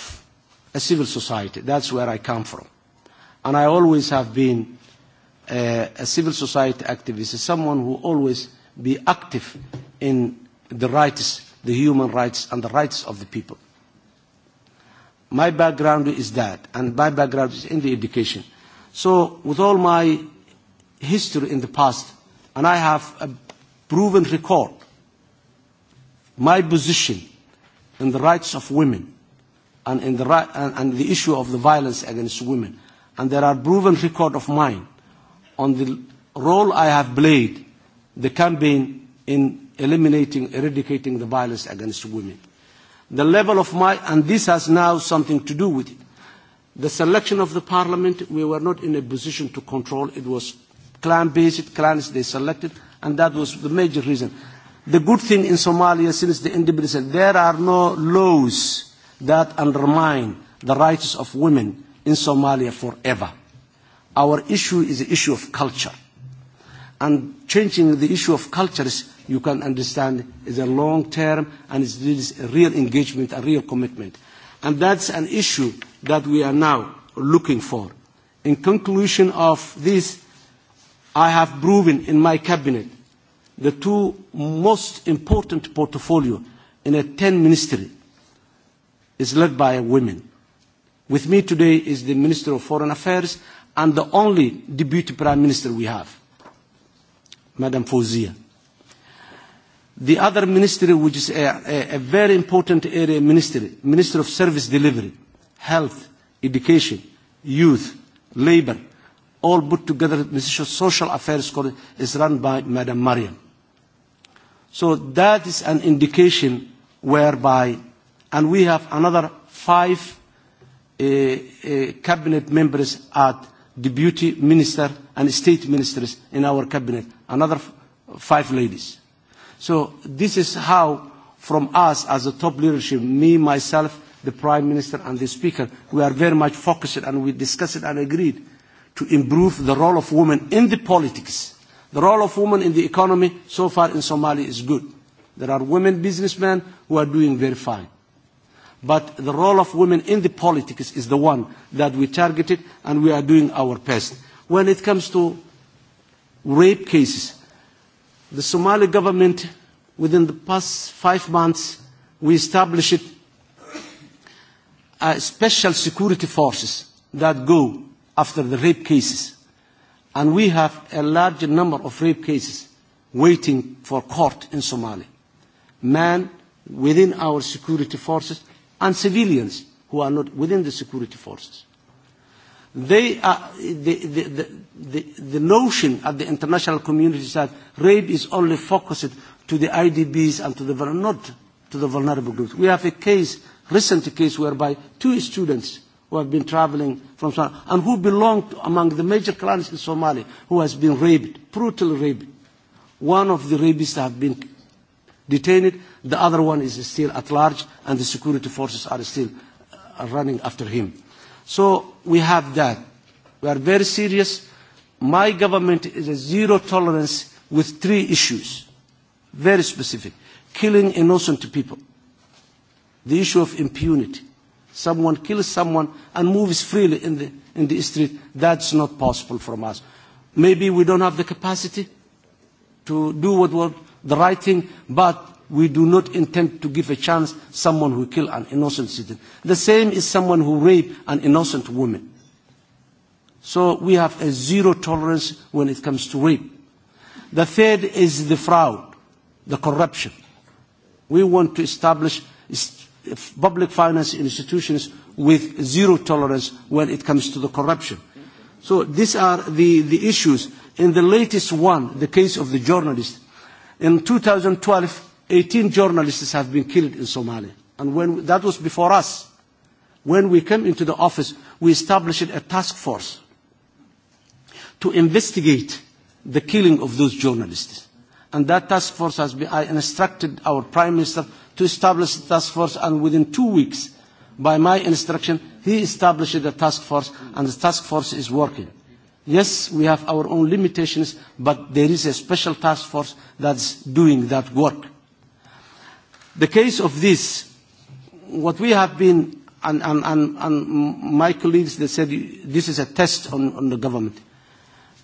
a civil society. That's where I come from. And I always have been a civil society activist, someone who always be active in the rights, the human rights and the rights of the people. My background is that, and my background is in the education. So with all my history in the past, and I have a proven record, my position in the rights of women and in the and the issue of the violence against women, and there are proven record of mine on the role I have played the campaign in eliminating, eradicating the violence against women. The level of my, and this has now something to do with it. The selection of the parliament, we were not in a position to control. It was clan-based, clans they selected, and that was the major reason. The good thing in Somalia since the independence, there are no laws that undermine the rights of women in Somalia forever. Our issue is the issue of culture. And changing the issue of cultures, you can understand, is a long term and is a real engagement, a real commitment. And that's an issue that we are now looking for. In conclusion of this, I have proven in my cabinet the two most important portfolio in a 10 ministry is led by women. With me today is the Minister of Foreign Affairs and the only deputy prime minister we have, Madam Fauzia. The other ministry, which is a very important area ministry, Minister of Service Delivery, Health, Education, Youth, Labour, all put together, Minister of Social Affairs is run by Madam Mariam. So that is an indication whereby, and we have another five cabinet members at deputy minister and state ministers in our cabinet, another five ladies. So this is how, from us as a top leadership, me, myself, the Prime Minister and the Speaker, we are very much focused and we discussed and agreed to improve the role of women in the politics. The role of women in the economy so far in Somalia is good. There are women businessmen who are doing very fine. But the role of women in the politics is the one that we targeted and we are doing our best. When it comes to rape cases, the Somali government, within the past five months, we established special security forces that go after the rape cases. And we have a large number of rape cases waiting for court in Somalia. Men within our security forces and civilians who are not within the security forces. They are, the, notion of the international community is that rape is only focused to the IDBs and to the not to the vulnerable groups. We have a case, recent case, whereby two students who have been traveling from Somalia and who belong among the major clans in Somalia who has been raped, brutally raped. One of the rapists have been detained. The other one is still at large, and the security forces are still running after him. So we have that. We are very serious. My government is a zero tolerance with three issues, very specific. Killing innocent people. The issue of impunity. Someone kills someone and moves freely in the, in the street. That's not possible from us. Maybe we don't have the capacity to do what the right thing, but we do not intend to give a chance someone who kill an innocent citizen. The same is someone who rapes an innocent woman. So we have a zero tolerance when it comes to rape. The third is the fraud, the corruption. We want to establish public finance institutions with zero tolerance when it comes to the corruption. So these are the issues. In the latest one, the case of the journalist, In 2012, 18 journalists have been killed in Somalia. And when that was before us. When we came into the office, we established a task force to investigate the killing of those journalists. And that task force has been, I instructed our Prime Minister to establish the task force, and within two weeks, by my instruction, he established the task force, and the task force is working. Yes, we have our own limitations, but there is a special task force that's doing that work. The case of this, what we have been, and, and, and, my colleagues, they said this is a test on, on the government.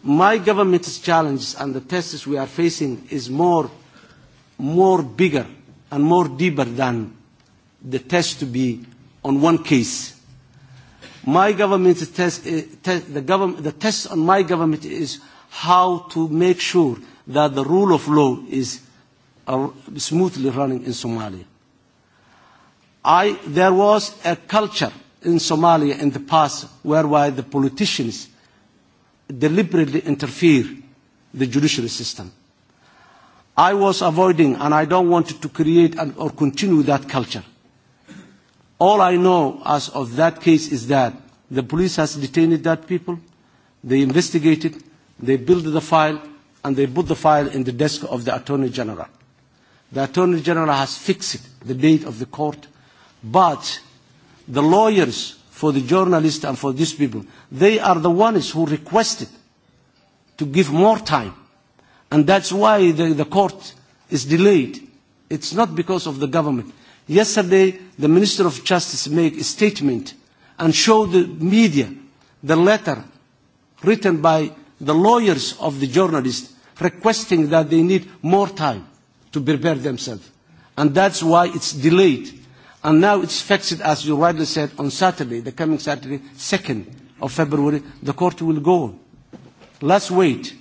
My government's challenges and the tests we are facing is more, more bigger and more deeper than the test to be on one case. My government's test, the, government, the test on my government is how to make sure that the rule of law is smoothly running in Somalia. I, there was a culture in Somalia in the past whereby the politicians deliberately interfere the judiciary system. I was avoiding and I don't want to create or continue that culture. All I know as of that case is that the police has detained that people, they investigated, they built the file, and they put the file in the desk of the Attorney General. The Attorney General has fixed the date of the court, but the lawyers for the journalists and for these people, they are the ones who requested to give more time. And that's why the court is delayed. It's not because of the government. Yesterday, the Minister of Justice made a statement and showed the media the letter written by the lawyers of the journalists requesting that they need more time to prepare themselves. And that's why it's delayed. And now it's fixed, as you rightly said, on Saturday, the coming Saturday, 2nd of February, the court will go. Let's wait.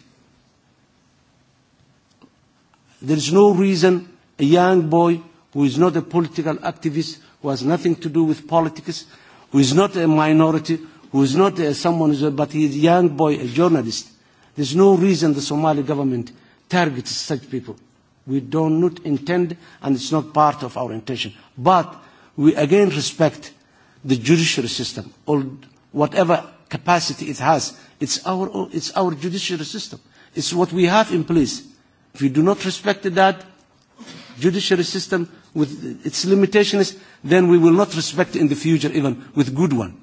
There is no reason a young boy who is not a political activist, who has nothing to do with politics, who is not a minority, who is not someone, but he is a young boy, a journalist. There's no reason the Somali government targets such people. We do not intend, and it's not part of our intention. But we again respect the judiciary system, or whatever capacity it has. It's our, it's our judiciary system. It's what we have in place. If we do not respect that judiciary system, with its limitations, then we will not respect in the future even with good one.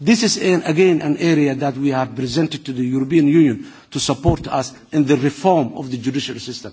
This is, again, an area that we have presented to the European Union to support us in the reform of the judicial system.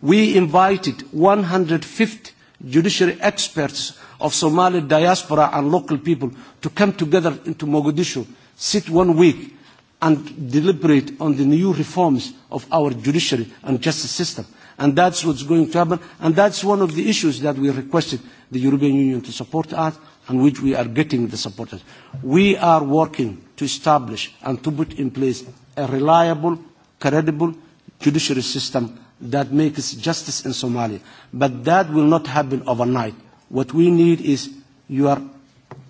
We invited 150 judiciary experts of Somali diaspora and local people to come together into Mogadishu, sit one week, and deliberate on the new reforms of our judiciary and justice system and that's what's going to happen, and that's one of the issues that we requested the European Union to support us, and which we are getting the support. We are working to establish and to put in place a reliable, credible judiciary system that makes justice in Somalia, but that will not happen overnight. What we need is your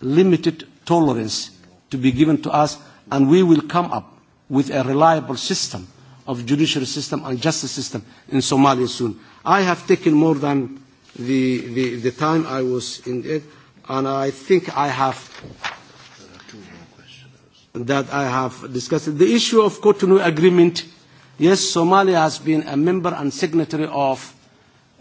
limited tolerance to be given to us, and we will come up with a reliable system of judicial system and justice system in Somalia soon. I have taken more than the, the, the time I was in it, and I think I have that I have discussed. The issue of Cotonou Agreement, yes, Somalia has been a member and signatory of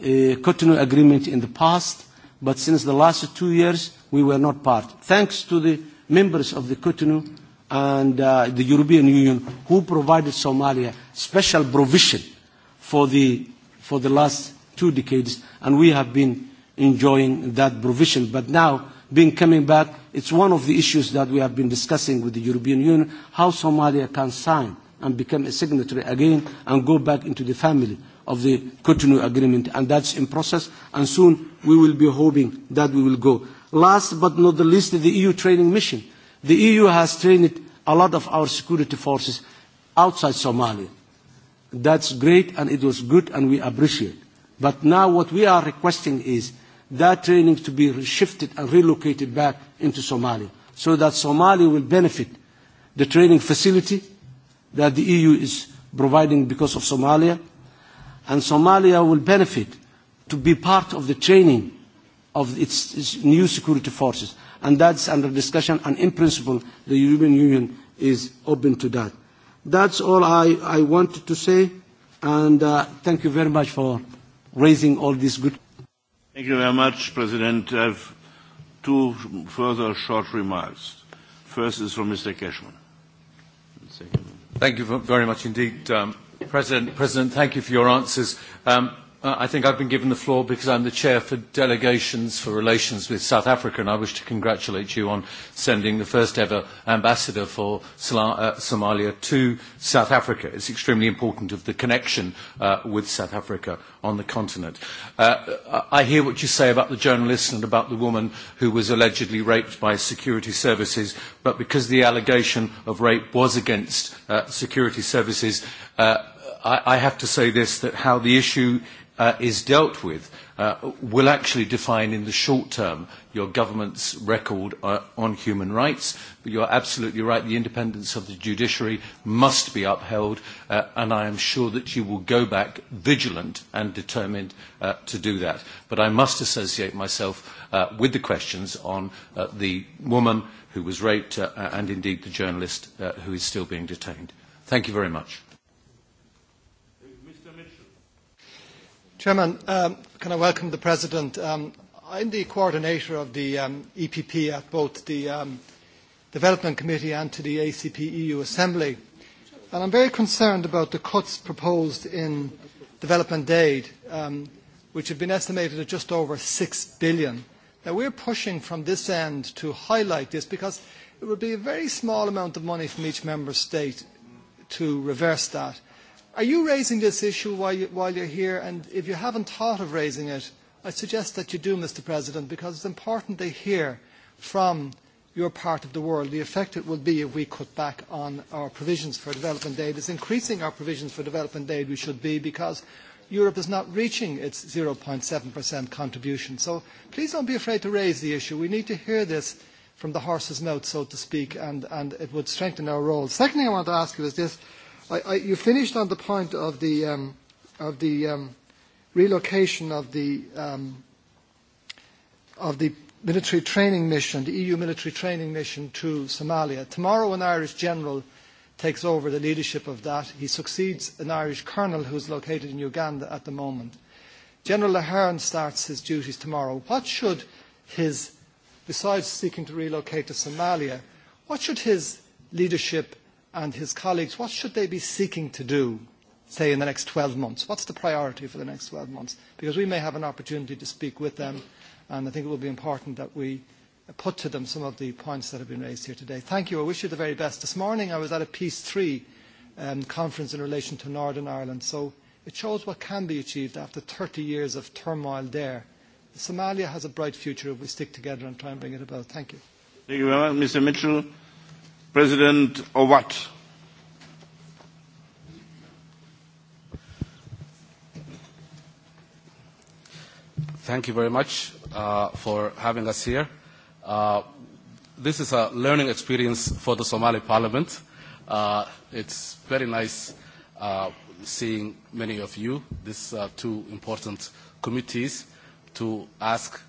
a Cotonou Agreement in the past, but since the last two years, we were not part. Thanks to the members of the Cotonou and the European Union who provided Somalia special provision for the for the last two decades and we have been enjoying that provision. But now being coming back, it's one of the issues that we have been discussing with the European Union, how Somalia can sign and become a signatory again and go back into the family of the Cotonou Agreement. And that's in process, and soon we will be hoping that we will go. Last but not the least, the EU training mission. The EU has trained a lot of our security forces outside Somalia. That's great and it was good and we appreciate. But now what we are requesting is that training to be shifted and relocated back into Somalia so that Somalia will benefit the training facility that the EU is providing because of Somalia and Somalia will benefit to be part of the training of its new security forces and that's under discussion, and in principle, the European Union is open to that. That's all I, I wanted to say, and thank you very much for raising all these good... Thank you very much, President. I have two further short remarks. First is from Mr. Cashman. Thank you very much indeed, President. President, thank you for your answers. I think I've been given the floor because I'm the chair for delegations for relations with South Africa, and I wish to congratulate you on sending the first ever ambassador for Somalia to South Africa. It's extremely important of the connection with South Africa on the continent. I hear what you say about the journalist and about the woman who was allegedly raped by security services, but because the allegation of rape was against security services, I have to say this, that how the issue is dealt with will actually define in the short term your government's record on human rights. But you are absolutely right, the independence of the judiciary must be upheld, and I am sure that you will go back vigilant and determined to do that. But I must associate myself with the questions on the woman who was raped and indeed the journalist who is still being detained. Thank you very much. Chairman, can I welcome the President? am the coordinator of the EPP at both the Development Committee and to the ACP EU Assembly. And I am very concerned about the cuts proposed in development aid, which have been estimated at just over EUR 6 billion. We are pushing from this end to highlight this because it would be a very small amount of money from each member state to reverse that. Are you raising this issue while you're here? And if you haven't thought of raising it, I suggest that you do, Mr. President, because it's important to hear from your part of the world the effect it will be if we cut back on our provisions for development aid. It's increasing our provisions for development aid we should be because Europe is not reaching its 0.7% contribution. So please don't be afraid to raise the issue. We need to hear this from the horse's mouth, so to speak, and it would strengthen our role. Second thing I want to ask you is this. You finished on the point of the of the relocation of the of the military training mission, the EU military training mission to Somalia. Tomorrow an Irish general takes over the leadership of that. He succeeds an Irish colonel who is located in Uganda at the moment. General Laherne starts his duties tomorrow. What should his, besides seeking to relocate to Somalia, what should his leadership and his colleagues, what should they be seeking to do, say, in the next 12 months? What's the priority for the next 12 months? Because we may have an opportunity to speak with them, and I think it will be important that we put to them some of the points that have been raised here today. Thank you. I wish you the very best. This morning I was at a Peace 3 conference in relation to Northern Ireland, so it shows what can be achieved after 30 years of turmoil there. Somalia has a bright future if we stick together and try and bring it about. Thank you. Thank you very much, Mr. Mitchell. President Owat. Thank you very much for having us here. This is a learning experience for the Somali Parliament. It's very nice seeing many of you, these two important committees, to ask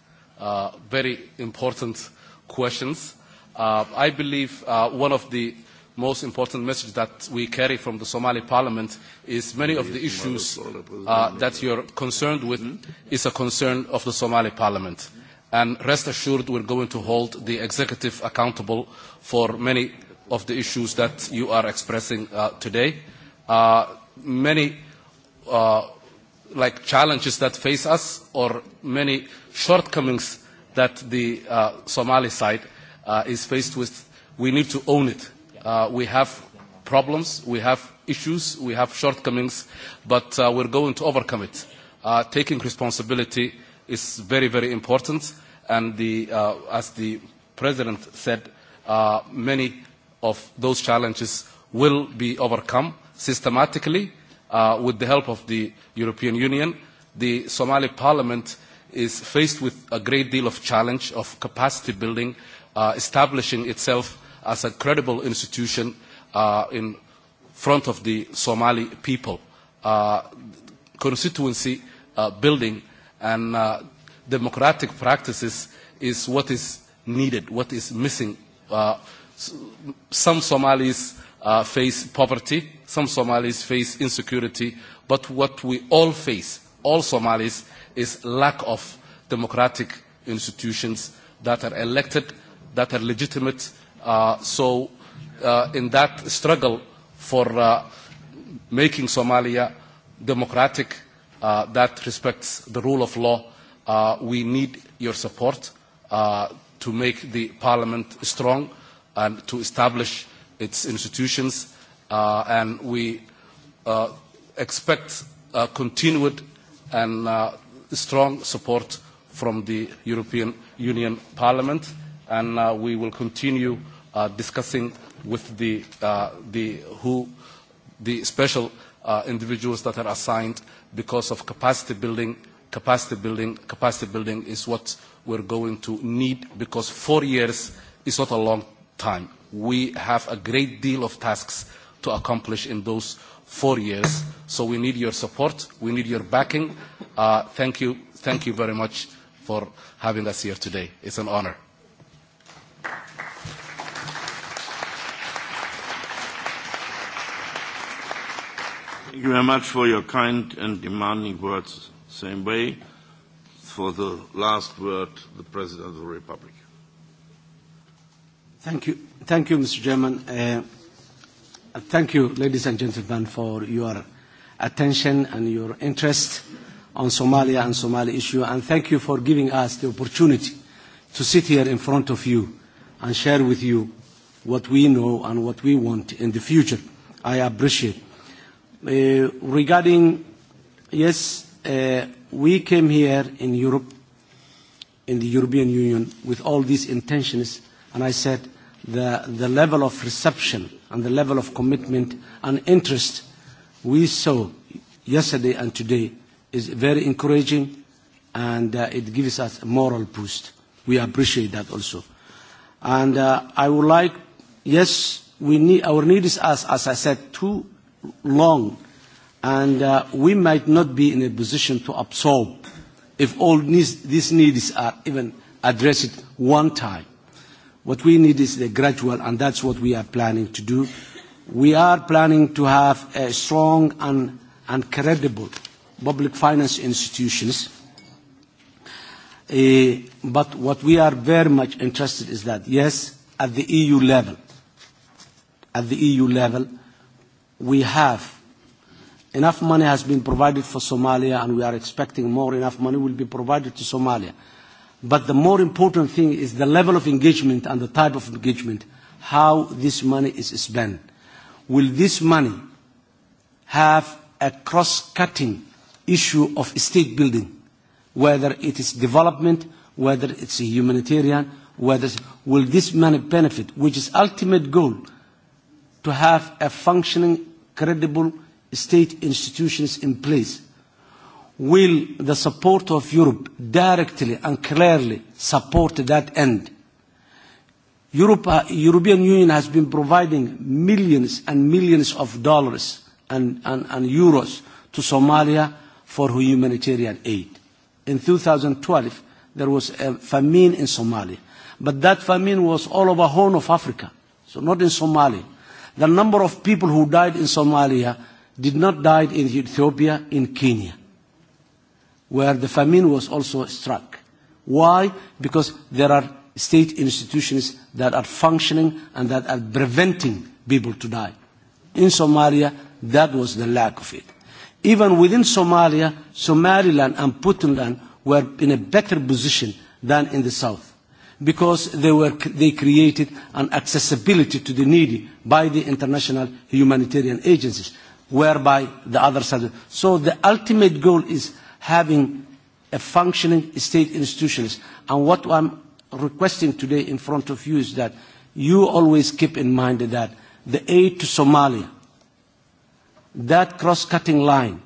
very important questions I believe one of the most important messages that we carry from the Somali Parliament is many of the issues that you are concerned with is a concern of the Somali Parliament. And rest assured we are going to hold the executive accountable for many of the issues that you are expressing today. Many like challenges that face us or many shortcomings that the Somali side is faced with, we need to own it. We have problems, we have issues, we have shortcomings, but we're going to overcome it. Taking responsibility is very, very important, and as the President said, many of those challenges will be overcome systematically with the help of the European Union. The Somali Parliament is faced with a great deal of challenge of capacity building establishing itself as a credible institution in front of the Somali people, constituency building and democratic practices is what is needed, what is missing. Some Somalis face poverty, some Somalis face insecurity, but what we all face, all Somalis, is lack of democratic institutions that are elected that are legitimate. So in that struggle for making Somalia democratic, that respects the rule of law, we need your support to make the parliament strong and to establish its institutions. And we expect continued and strong support from the European Union Parliament and we will continue discussing with the who the special individuals that are assigned because of capacity building capacity building capacity building is what we're going to need because four years is not a long time we have a great deal of tasks to accomplish in those four years so we need your support we need your backing thank you thank you very much for having us here today it's an honor Thank you very much for your kind and demanding words. Same way, for the last word, the President of the Republic. Thank you, thank you, Mr. Chairman. Thank you, ladies and gentlemen, for your attention and your interest on Somalia and Somali issue, and thank you for giving us the opportunity to sit here in front of you and share with you what we know and what we want in the future. I appreciate Regarding, yes, we came here in Europe, in the European Union, with all these intentions, and I said the the level of reception and the level of commitment and interest we saw yesterday and today is very encouraging, and it gives us a moral boost. We appreciate that also. And I would like, yes, we need our need is, as I said, two long, and we might not be in a position to absorb if all these needs are even addressed one time. What we need is the gradual, and that's what we are planning to do. We are planning to have a strong and and credible public finance institutions. But what we are very much interested is that, yes, at the EU level, at the EU level, we have. Enough money has been provided for Somalia, and we are expecting more. Enough money will be provided to Somalia. But the more important thing is the level of engagement and the type of engagement, how this money is spent. Will this money have a cross-cutting issue of state building, whether it is development, whether it's humanitarian, whether will this money benefit, which is ultimate goal, to have a functioning credible state institutions in place. Will the support of Europe directly and clearly support that end? European Union has been providing millions and millions of dollars and euros to Somalia for humanitarian aid. In 2012, there was a famine in Somalia. But that famine was all over Horn of Africa, so not in Somalia. The number of people who died in Somalia did not die in Ethiopia, in Kenya, where the famine was also struck. Why? Because there are state institutions that are functioning and that are preventing people to die. In Somalia, that was the lack of it. Even within Somalia, Somaliland and Putinland were in a better position than in the south because they were they created an accessibility to the needy by the international humanitarian agencies whereby the other side so the ultimate goal is having a functioning state institutions and what I'm requesting today in front of you is that you always keep in mind that the aid to Somalia that cross-cutting line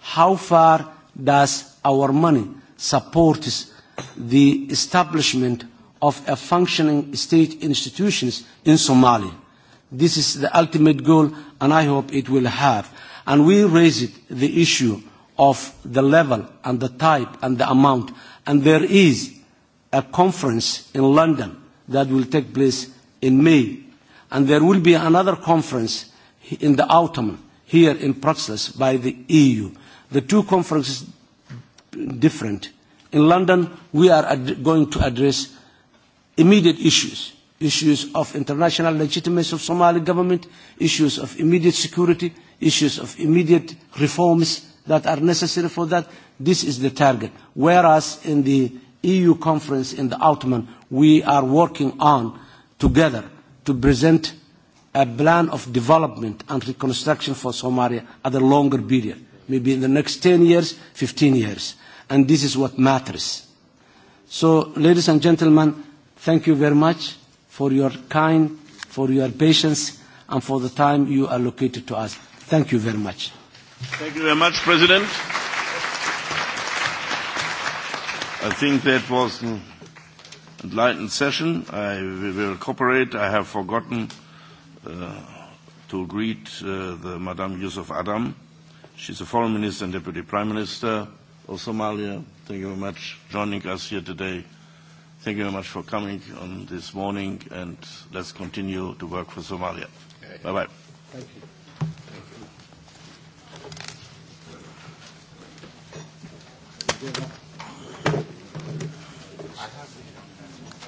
how far does our money support the establishment of a functioning state institutions in Somalia. This is the ultimate goal, and I hope it will have. And we raised the issue of the level and the type and the amount. And there is a conference in London that will take place in May. And there will be another conference in the autumn here in Brussels by the EU. The two conferences different In London, we are going to address immediate issues, issues of international legitimacy of Somali government, issues of immediate security, issues of immediate reforms that are necessary for that. This is the target. Whereas in the EU conference in the Ottoman, we are working on together to present a plan of development and reconstruction for Somalia at a longer period, maybe in the next 10 years, 15 years and this is what matters. So, ladies and gentlemen, thank you very much for your kind, for your patience, and for the time you allocated to us. Thank you very much. Thank you very much, President. I think that was an enlightened session. I will cooperate. I have forgotten to greet the Madame Yusuf Adam. She's a foreign minister and deputy prime minister of Somalia. Thank you very much for joining us here today. Thank you very much for coming on this morning, and let's continue to work for Somalia. Bye-bye. Thank Thank you.